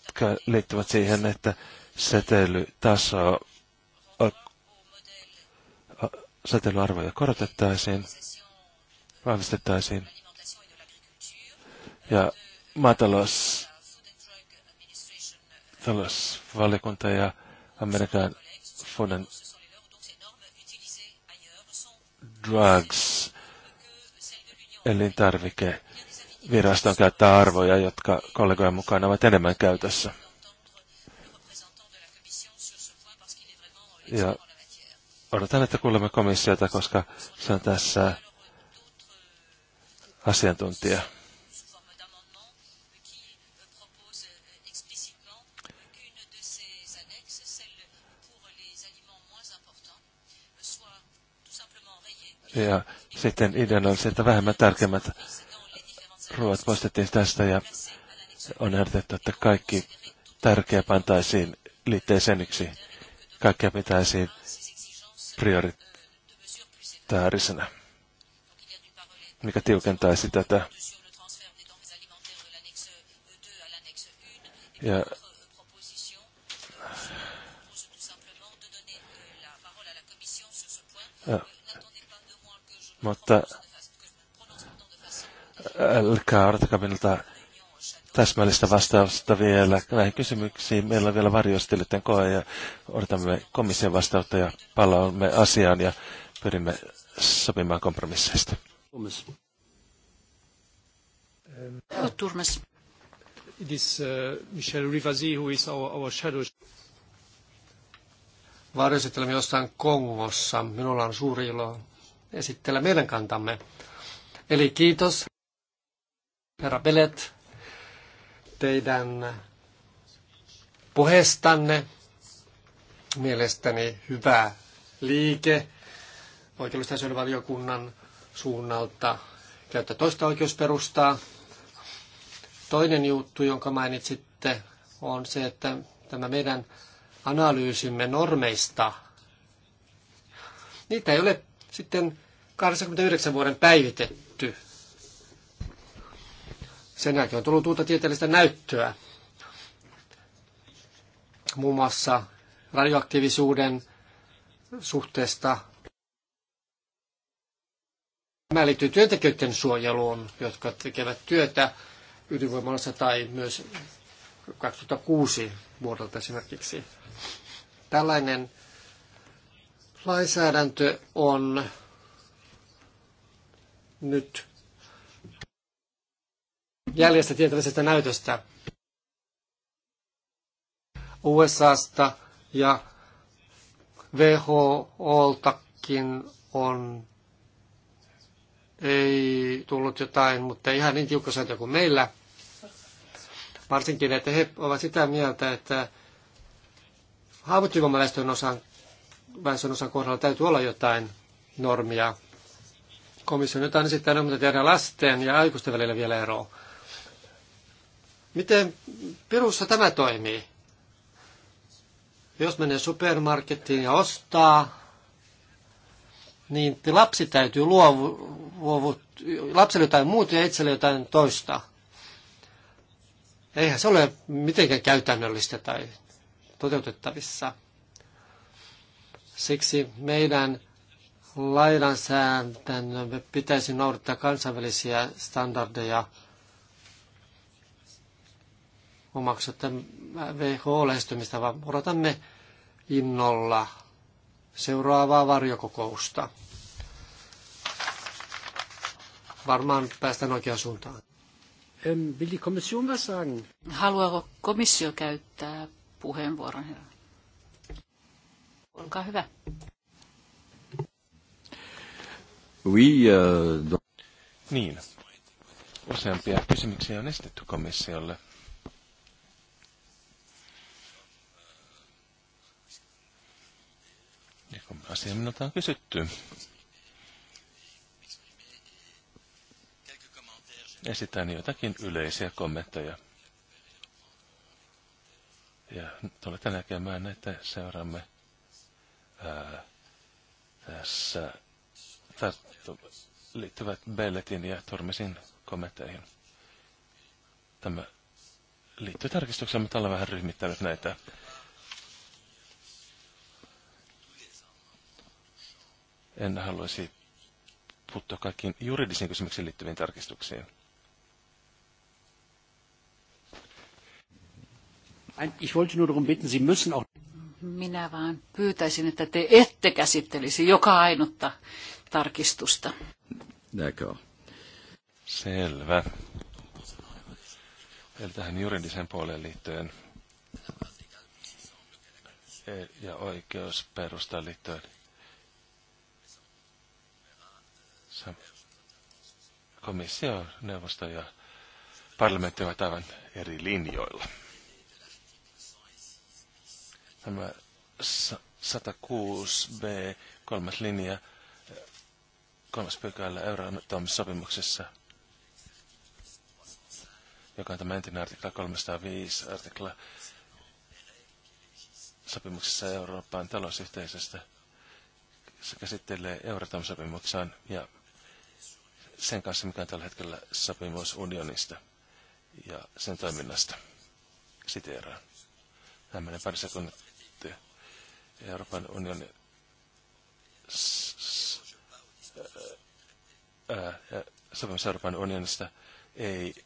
S3: jotka liittyvät siihen, että säteilytaso, säteilyarvoja korotettaisiin, vahvistettaisiin ja maatalous talousvaliokunta ja Amerikan Food and Drugs elintarvike viraston käyttää arvoja, jotka kollegojen mukaan ovat enemmän käytössä. Ja odotan, että kuulemme komissiota, koska se on tässä asiantuntija. Ja sitten ideana että vähemmän tärkeimmät ruoat poistettiin tästä ja on ehdotettu, että kaikki tärkeä pantaisiin liitteeseen yksi. Kaikkea pitäisi prioritaarisena, mikä tiukentaisi tätä. Ja Mutta älkää äh, odottakaa minulta täsmällistä vastausta vielä näihin kysymyksiin. Meillä on vielä varjostelijoiden koe ja odotamme komission vastausta ja palaamme asiaan ja pyrimme sopimaan kompromisseista.
S2: Turmes. Turmes. It is
S1: uh, Michel Rivasi, who is our, our shadow. Varjoesittelemme jossain Kongossa. Minulla on suuri ilo esitellä meidän kantamme. Eli kiitos, herra Belet, teidän puheestanne. Mielestäni hyvä liike oikeudellisen valiokunnan suunnalta käyttää toista oikeusperustaa. Toinen juttu, jonka mainitsitte, on se, että tämä meidän analyysimme normeista, niitä ei ole sitten 89 vuoden päivitetty. Sen jälkeen on tullut uutta tieteellistä näyttöä. Muun muassa radioaktiivisuuden suhteesta Tämä liittyy työntekijöiden suojeluun, jotka tekevät työtä ydinvoimalassa tai myös 2006 vuodelta esimerkiksi. Tällainen Lainsäädäntö on nyt jäljestä tietäväisestä näytöstä USAsta ja WHOltakin on ei tullut jotain, mutta ihan niin tiukka sääntö kuin meillä. Varsinkin, että he ovat sitä mieltä, että haavoittuvamman väestön osan väestönosan kohdalla täytyy olla jotain normia. Komissio nyt on esittänyt, mutta tehdään lasten ja aikuisten välillä vielä eroa. Miten Pirussa tämä toimii? Jos menee supermarkettiin ja ostaa, niin lapsi täytyy luovuttaa, luovut, lapselle jotain muuta ja itselle jotain toista. Eihän se ole mitenkään käytännöllistä tai toteutettavissa. Siksi meidän lainsäädäntömme pitäisi noudattaa kansainvälisiä standardeja omaksutta WHO-lähestymistä, vaan odotamme innolla seuraavaa varjokokousta. Varmaan päästään oikeaan suuntaan.
S2: Ähm, will die Kommission was sagen? Haluaako komissio käyttää puheenvuoron, herra? Olkaa hyvä.
S1: Oui, uh, don...
S3: Niin. Useampia kysymyksiä on estetty komissiolle. asia minulta on kysytty. Esitän jotakin yleisiä kommentteja. Ja tulette näkemään, että seuraamme tässä liittyvät Belletin ja Tormisin kommentteihin. Tämä liittyy tarkistukseen, mutta olen vähän ryhmittänyt näitä. En haluaisi puuttua kaikkiin juridisiin kysymyksiin liittyviin tarkistuksiin.
S1: Ich wollte nur darum bitten, Sie müssen auch
S2: minä vaan pyytäisin, että te ette käsittelisi joka ainutta tarkistusta.
S1: D'accord.
S3: Selvä. Eli tähän juridisen puoleen liittyen e- ja oikeusperustaan liittyen. Komissio, neuvosto ja parlamentti ovat aivan eri linjoilla. Tämä 106b, kolmas linja, kolmas pykälä Euroopan-sopimuksessa, joka on tämä entinen artikla 305, artikla sopimuksessa Euroopan talousyhteisöstä. Se käsittelee Euratom-sopimukseen ja sen kanssa, mikä on tällä hetkellä sopimus unionista ja sen toiminnasta. Siteeraan. Hän pari sekuntia Euroopan unionin sopimus Euroopan unionista ei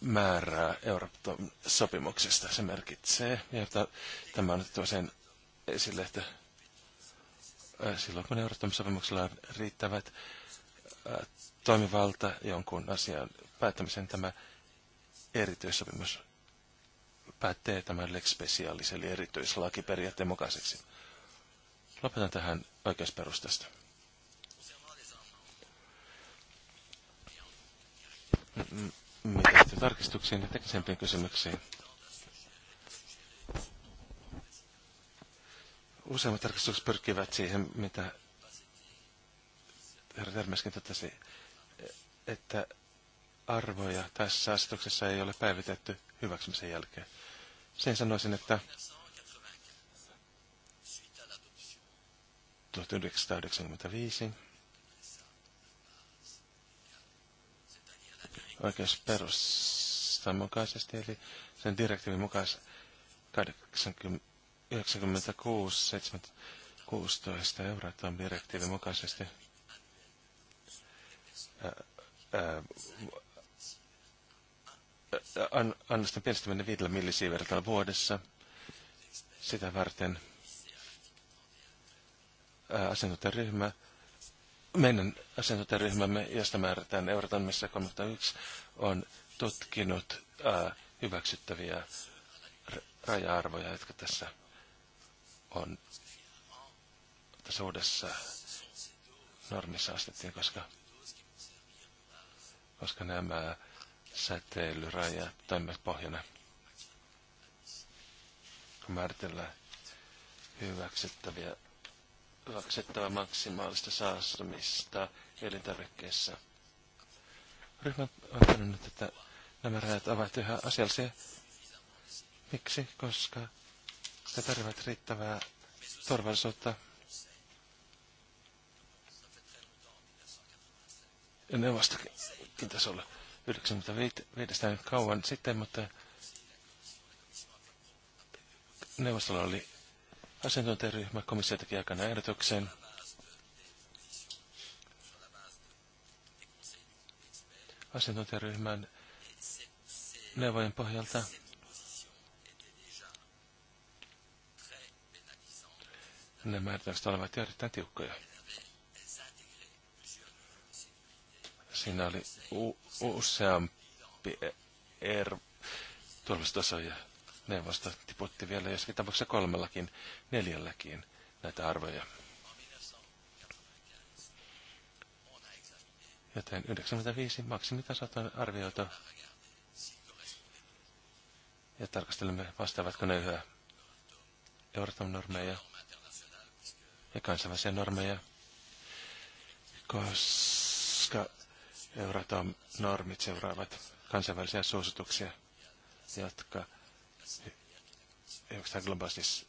S3: määrää Euroopan sopimuksesta. Se merkitsee, että tämä on nyt sen esille, että silloin kun Euroopan sopimuksella on riittävät toimivalta jonkun asian päättämisen, tämä erityissopimus pätee tämän Lex Specialis eli erityislaki periaatteen mukaiseksi. Lopetan tähän oikeusperustasta. Mitä sitten tarkistuksiin ja teknisempiin kysymyksiin? Useimmat tarkistukset pyrkivät siihen, mitä herra Termeskin totesi, että arvoja tässä asetuksessa ei ole päivitetty hyväksymisen jälkeen sen sanoisin, että 1995 oikeusperustan mukaisesti, eli sen direktiivin mukaisesti 96 16 Euratom direktiivin mukaisesti ää, ää, Äh, annosten pienestäminen viidellä millisievertillä vuodessa. Sitä varten äh, asiantuntijaryhmä, meidän asiantuntijaryhmämme, josta määrätään Eurotamissa 31, on tutkinut ää, äh, hyväksyttäviä raja-arvoja, jotka tässä on tässä uudessa normissa astettiin, koska, koska nämä säteilyraja toimivat pohjana. Määritellään hyväksyttäviä hyväksyttävä maksimaalista saastumista elintarvikkeissa. Ryhmä on todennut, että nämä rajat ovat yhä asiallisia. Miksi? Koska ne tarvitsevat riittävää turvallisuutta. Ja ne neuvostakin tasolla. 95 nyt kauan sitten, mutta neuvostolla oli asiantuntijaryhmä, komissio teki aikana ehdotuksen. Asiantuntijaryhmän neuvojen pohjalta nämä määritelmät olivat erittäin tiukkoja. Siinä oli u- useampi er tuomistaso ja vasta tiputti vielä, joskin tapauksessa kolmellakin, neljälläkin näitä arvoja. Joten 95 maksimitasot on arvioitu. Ja tarkastelemme vastaavatko ne yhä Euroopan normeja ja kansainvälisiä normeja, koska Euratom normit seuraavat kansainvälisiä suosituksia, jotka hyväksytään globaalisti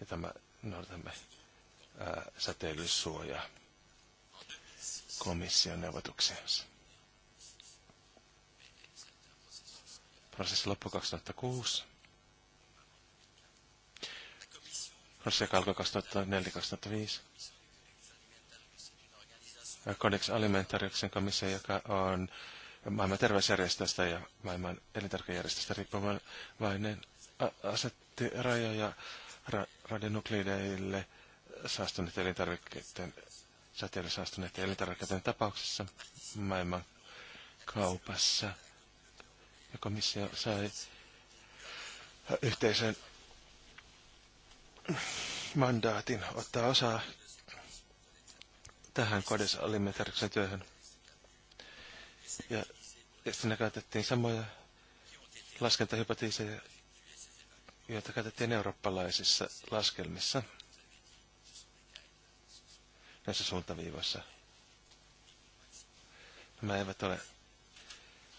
S3: ja tämä noudatamme säteilysuojaa komission neuvotuksensa. Prosessi loppui 2006. Prosessi alkoi 2004-2005. Codex Alimentariuksen komissio, joka on maailman terveysjärjestöstä ja maailman elintarvikejärjestöstä riippuvainen, asetti rajoja ra- radionukleideille saastuneiden elintarvikkeiden, säteillä saastuneiden elintarvikkeiden tapauksessa maailman kaupassa. Ja komissio sai yhteisen mandaatin ottaa osaa tähän Kodes Alimentariksen työhön. Ja, ja siinä käytettiin samoja laskentahypotiiseja, joita käytettiin eurooppalaisissa laskelmissa näissä suuntaviivoissa. Nämä eivät ole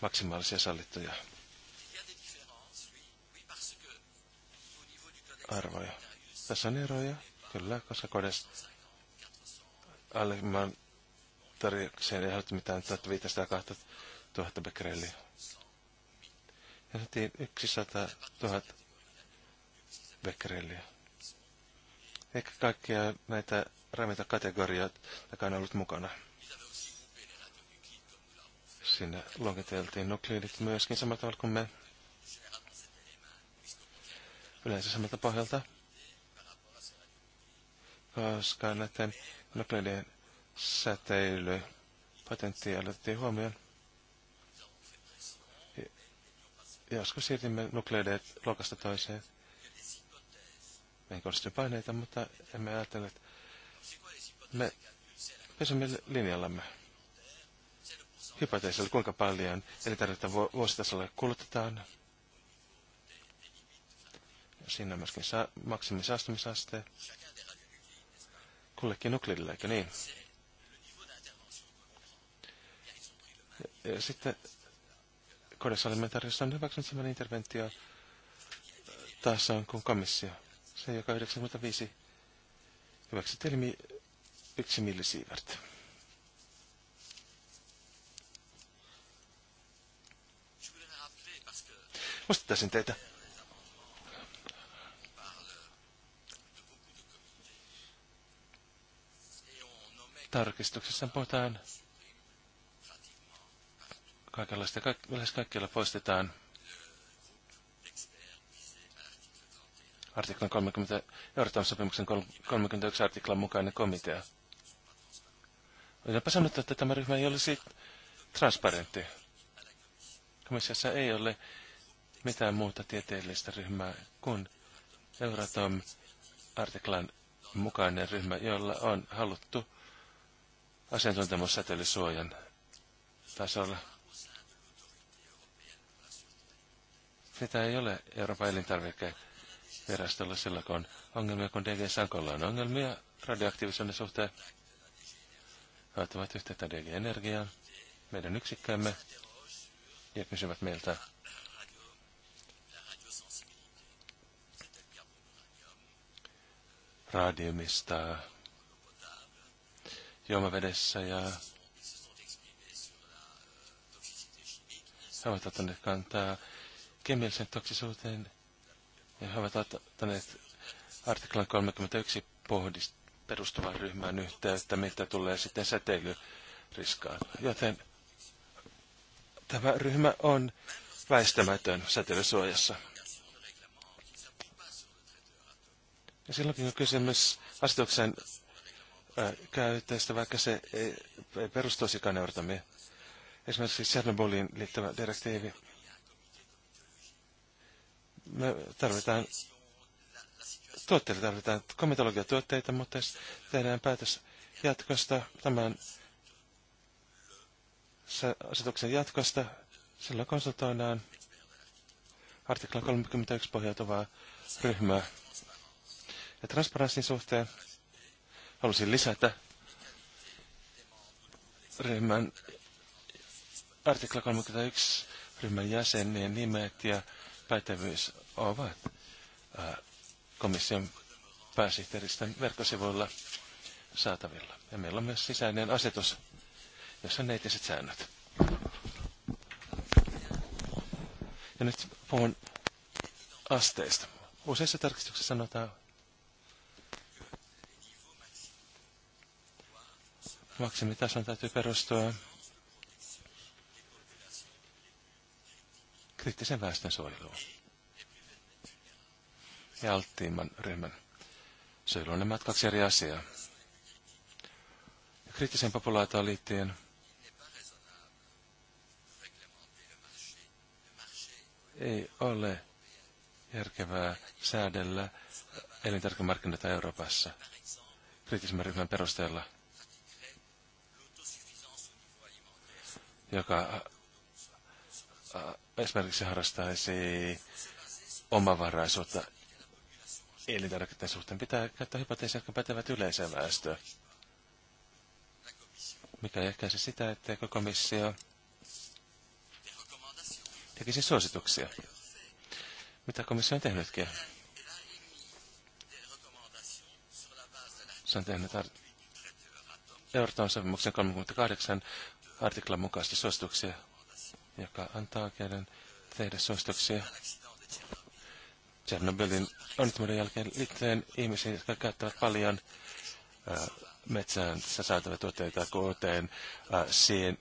S3: maksimaalisia sallittuja arvoja. Tässä on eroja, kyllä, koska kodes Alle, alimman tarjokseen ei haluttu mitään 1500-2000 bekreliä. Ja otettiin 100 000 bekreliä. Eikä kaikkia näitä ravinta kategorioita on ollut mukana. Sinne luokiteltiin nukleidit myöskin samalla tavalla kuin me. Yleensä samalta pohjalta. Koska näiden Nobelin säteily otettiin huomioon. Joskus siirtimme nukleideet luokasta toiseen. Meidän kohdistui paineita, mutta emme ajatelleet. Me pysymme linjallamme. Hypoteesilla kuinka paljon elintarvetta vuositasolla kulutetaan. Siinä on myöskin sa- maksimi kullekin nuklidille, eikö niin? Ja sitten kodessa alimentaariossa on hyväksynyt saman interventio taas on kuin komissio. Se, joka 95 hyväksi telmi yksi millisiivert. Muistuttaisin teitä tarkistuksessa puhutaan kaikenlaista, kaik, lähes kaikkialla poistetaan artiklan 30, Euroopan sopimuksen 31 artiklan mukainen komitea. Olenpa sanottu, että tämä ryhmä ei olisi transparentti. Komissiossa ei ole mitään muuta tieteellistä ryhmää kuin Euratom artiklan mukainen ryhmä, jolla on haluttu Asentuntemus säteilysuojan tasolla. Sitä ei ole Euroopan elintarvikevirastolla sillä, kun on ongelmia, kun DG Sankolla on ongelmia radioaktiivisuuden suhteen. He ottavat yhteyttä DG Energiaan, meidän yksikkömme, ja kysyvät meiltä, radiumista, juomavedessä ja he ovat ottaneet kantaa kemiallisen toksisuuteen ja he ovat ottaneet artiklan 31 pohdista perustuvan ryhmän yhteyttä, mitä tulee sitten säteilyriskaan. Joten tämä ryhmä on väistämätön säteilysuojassa. Ja silloin kun on kysymys asetuksen käytöstä, vaikka se ei, ei perustuisikaan Euroopan. Esimerkiksi Chernobyliin liittyvä direktiivi. Me tarvitaan, tuotteille tarvitaan komitologiatuotteita, mutta jos tehdään päätös jatkosta, tämän asetuksen jatkosta, Sillä konsultoidaan artikla 31 pohjautuvaa ryhmää. Ja transparenssin suhteen Halusin lisätä ryhmän artikla 31 ryhmän jäsenien nimet ja pätevyys ovat komission pääsihteeristön verkkosivuilla saatavilla. Ja meillä on myös sisäinen asetus, jossa on neitiset säännöt. Ja nyt puhun asteista. Useissa tarkistuksissa sanotaan maksimitason täytyy perustua kriittisen väestön suojeluun ja alttiimman ryhmän suojeluun. Nämä ovat kaksi eri asiaa. Ja kriittisen populaatioon liittyen ei ole järkevää säädellä elintarvikemarkkinoita Euroopassa kriittisemmän ryhmän perusteella – joka äh, äh, esimerkiksi harrastaisi omavaraisuutta elintarvikkeiden suhteen, pitää käyttää hypoteesia, jotka pätevät yleiseen väestöön. Mikä ehkäisi sitä, että komissio tekisi suosituksia, mitä komissio on tehnytkin. Se on tehnyt Euroopan sopimuksen 38 artiklan mukaista suosituksia, joka antaa oikeuden tehdä suosituksia Chernobylin onnettomuuden jälkeen liittyen ihmisiin, jotka käyttävät paljon metsään saatavia tuotteita, kuten ää, sien,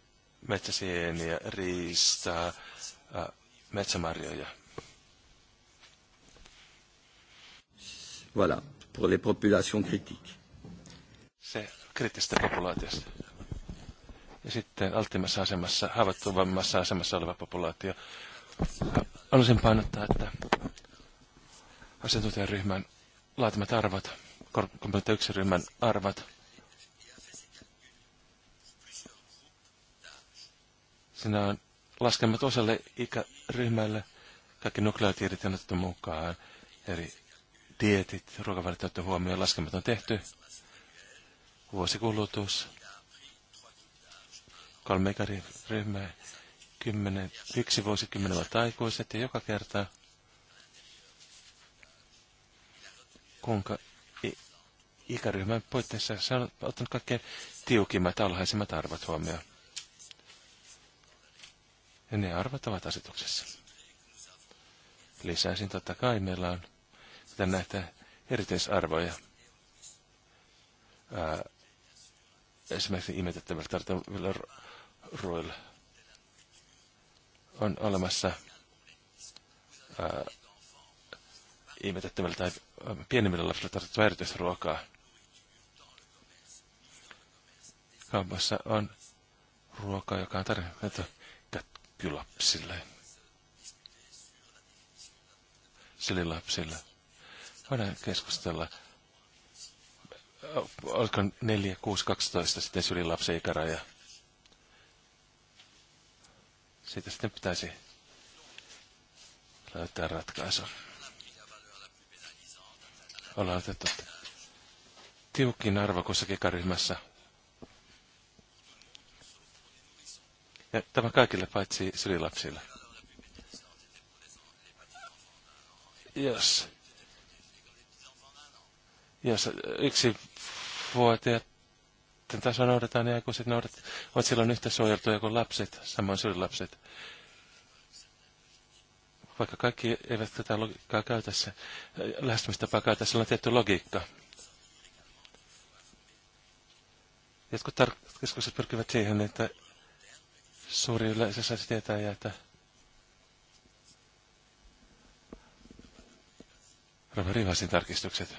S3: metsäsieniä, riistaa, ää, metsämarjoja.
S1: Voilà, pour les populations critiques.
S3: Se kriittisestä populaatiosta ja sitten alttimassa asemassa, haavoittuvammassa asemassa oleva populaatio. Haluaisin painottaa, että asiantuntijaryhmän laatimat arvot, komponentti 1 ryhmän arvot, siinä on laskemat osalle ikäryhmälle, kaikki nukleotiedit on otettu mukaan, eri dietit, ruokavalit on otettu huomioon, laskemat on tehty, vuosikulutus, kolme ryhmää, kymmenen, yksi vuosikymmenen ovat aikuiset ja joka kerta kuinka ikäryhmän puitteissa se on ottanut kaikkein tiukimmat alhaisimmat arvot huomioon. Ja ne arvot ovat asetuksessa. Lisäisin totta kai meillä on, näitä erityisarvoja. Ää, esimerkiksi imetettävältä tartuvilla Ruil on olemassa ää, imetettömillä tai pienemmillä lapsilla tarjottua erityisruokaa. Kaupassa on ruokaa, joka on tarjottu kätkylapsille, sililapsille. Voidaan keskustella, oliko 4, 6, 12 sitten sylilapsen ikäraja. Siitä sitten pitäisi löytää ratkaisu. Ollaan otettu tiukin arvo kussakin ikaryhmässä. Ja tämä kaikille paitsi sylilapsille. Jos, jos yksi vuotiaat sitten taas noudataan ja aikuiset noudat, ovat silloin yhtä suojeltuja kuin lapset, samoin silloin lapset. Vaikka kaikki eivät tätä logiikkaa käytä, äh, lähestymistapaa käytä, sillä on tietty logiikka. Jotkut tarkastukset pyrkivät siihen, että suuri yleisö saisi tietää ja että Rivasin tarkistukset.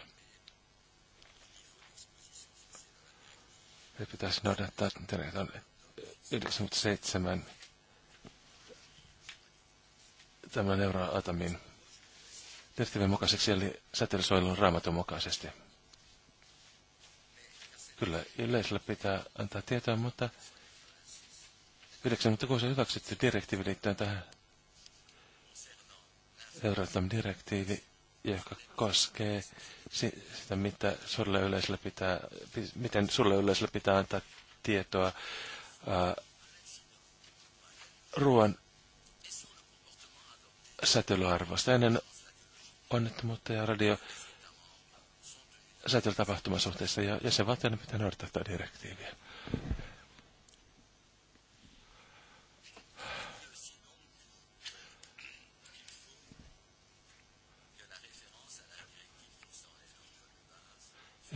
S3: Se pitäisi noudattaa, että on 97 tämän euroatomin tehtävän mukaiseksi, eli säteilysuojelun raamatun mukaisesti. Kyllä, yleisölle pitää antaa tietoa, mutta 96 hyväksytty direktiivi liittyen tähän Euratom-direktiivi joka koskee sitä, mitä sulle yleisölle pitää, miten sulle yleisölle pitää antaa tietoa ruoan säteilyarvosta. Ennen onnettomuutta ja radio säteilytapahtumasuhteessa, suhteessa ja jäsenvaltioiden pitää noudattaa direktiiviä.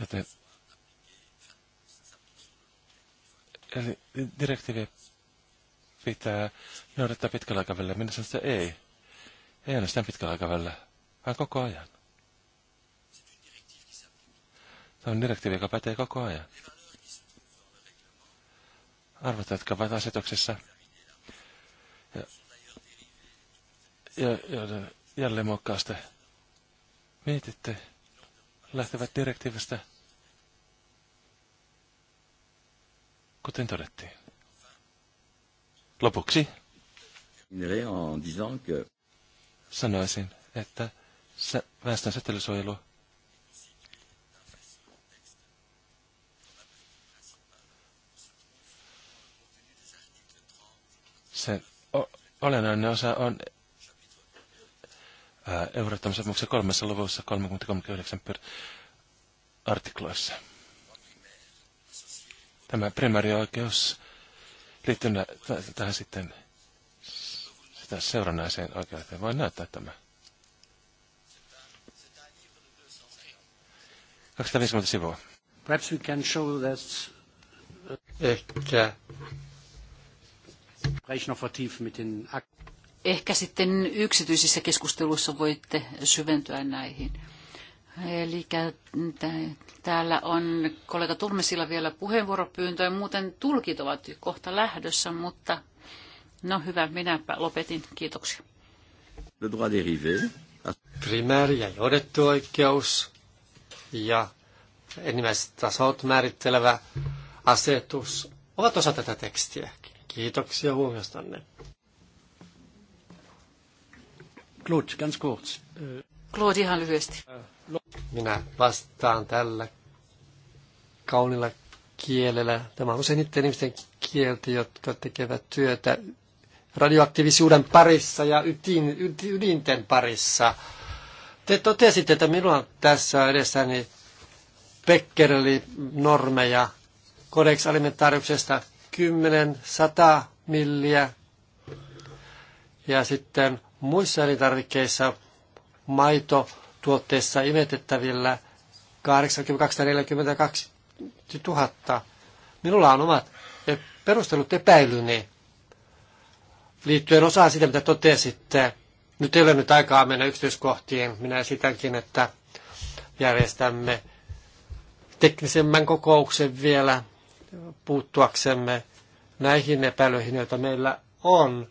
S3: Joten, eli direktiivi pitää noudattaa pitkällä aikavälillä. Minä sanon, että ei. Ei ainoastaan pitkällä aikavälillä, vaan koko ajan. Tämä on direktiivi, joka pätee koko ajan. Arvot, jotka ovat asetuksessa. Ja, ja, ja jälleen muokkausta. Mietitte lähtevät direktiivistä, kuten todettiin. Lopuksi sanoisin, että väestön säteilysuojelu sen olennainen osa on Äh, sopimuksen kolmessa luvussa 39 artikloissa. Tämä primäärioikeus liittynä tähän sitten sitä seurannaiseen oikeuteen. Voin näyttää tämä. 250
S1: sivua.
S2: Perhaps we can show that uh,
S1: Ehkä.
S2: Rechner vertiefen mit den Akten ehkä sitten yksityisissä keskusteluissa voitte syventyä näihin. Eli täällä on kollega Turmesilla vielä puheenvuoropyyntö ja muuten tulkit ovat kohta lähdössä, mutta no hyvä, minäpä lopetin. Kiitoksia. Le
S1: droit Primääri ja johdettu oikeus ja enimmäistasot määrittelevä asetus ovat osa tätä tekstiä. Kiitoksia huomiostanne. Claude, ganz kurz.
S2: Claude, ihan lyhyesti.
S1: Minä vastaan tällä kaunilla kielellä. Tämä on usein niiden ihmisten kielti, jotka tekevät työtä radioaktiivisuuden parissa ja ydin, ydinten parissa. Te totesitte, että minulla on tässä edessäni pekkereli normeja Codex alimentaariuksesta 10-100 milliä ja sitten Muissa elintarvikkeissa tuotteessa imetettävillä 842 000. Minulla on omat perustelut epäilyni liittyen osaan sitä, mitä totesitte. Nyt ei ole nyt aikaa mennä yksityiskohtiin. Minä esitänkin, että järjestämme teknisemmän kokouksen vielä puuttuaksemme näihin epäilyihin, joita meillä on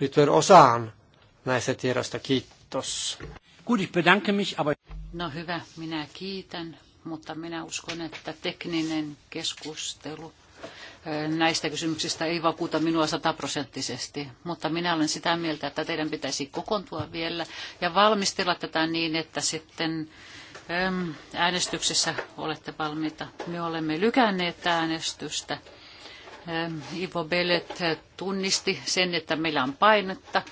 S1: liittyen osaan näistä Kiitos. Gut, ich bedanke mich, aber...
S2: No hyvä, minä kiitän, mutta minä uskon, että tekninen keskustelu näistä kysymyksistä ei vakuuta minua sataprosenttisesti, mutta minä olen sitä mieltä, että teidän pitäisi kokoontua vielä ja valmistella tätä niin, että sitten äänestyksessä olette valmiita. Me olemme lykänneet äänestystä. Ivo Bellet tunnisti sen, että meillä on painetta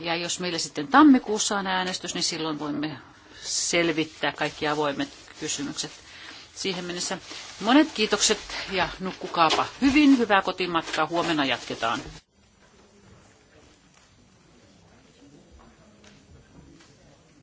S2: ja jos meillä sitten tammikuussa on äänestys, niin silloin voimme selvittää kaikki avoimet kysymykset siihen mennessä. Monet kiitokset ja nukkukaapa hyvin. Hyvää kotimatkaa. Huomenna jatketaan.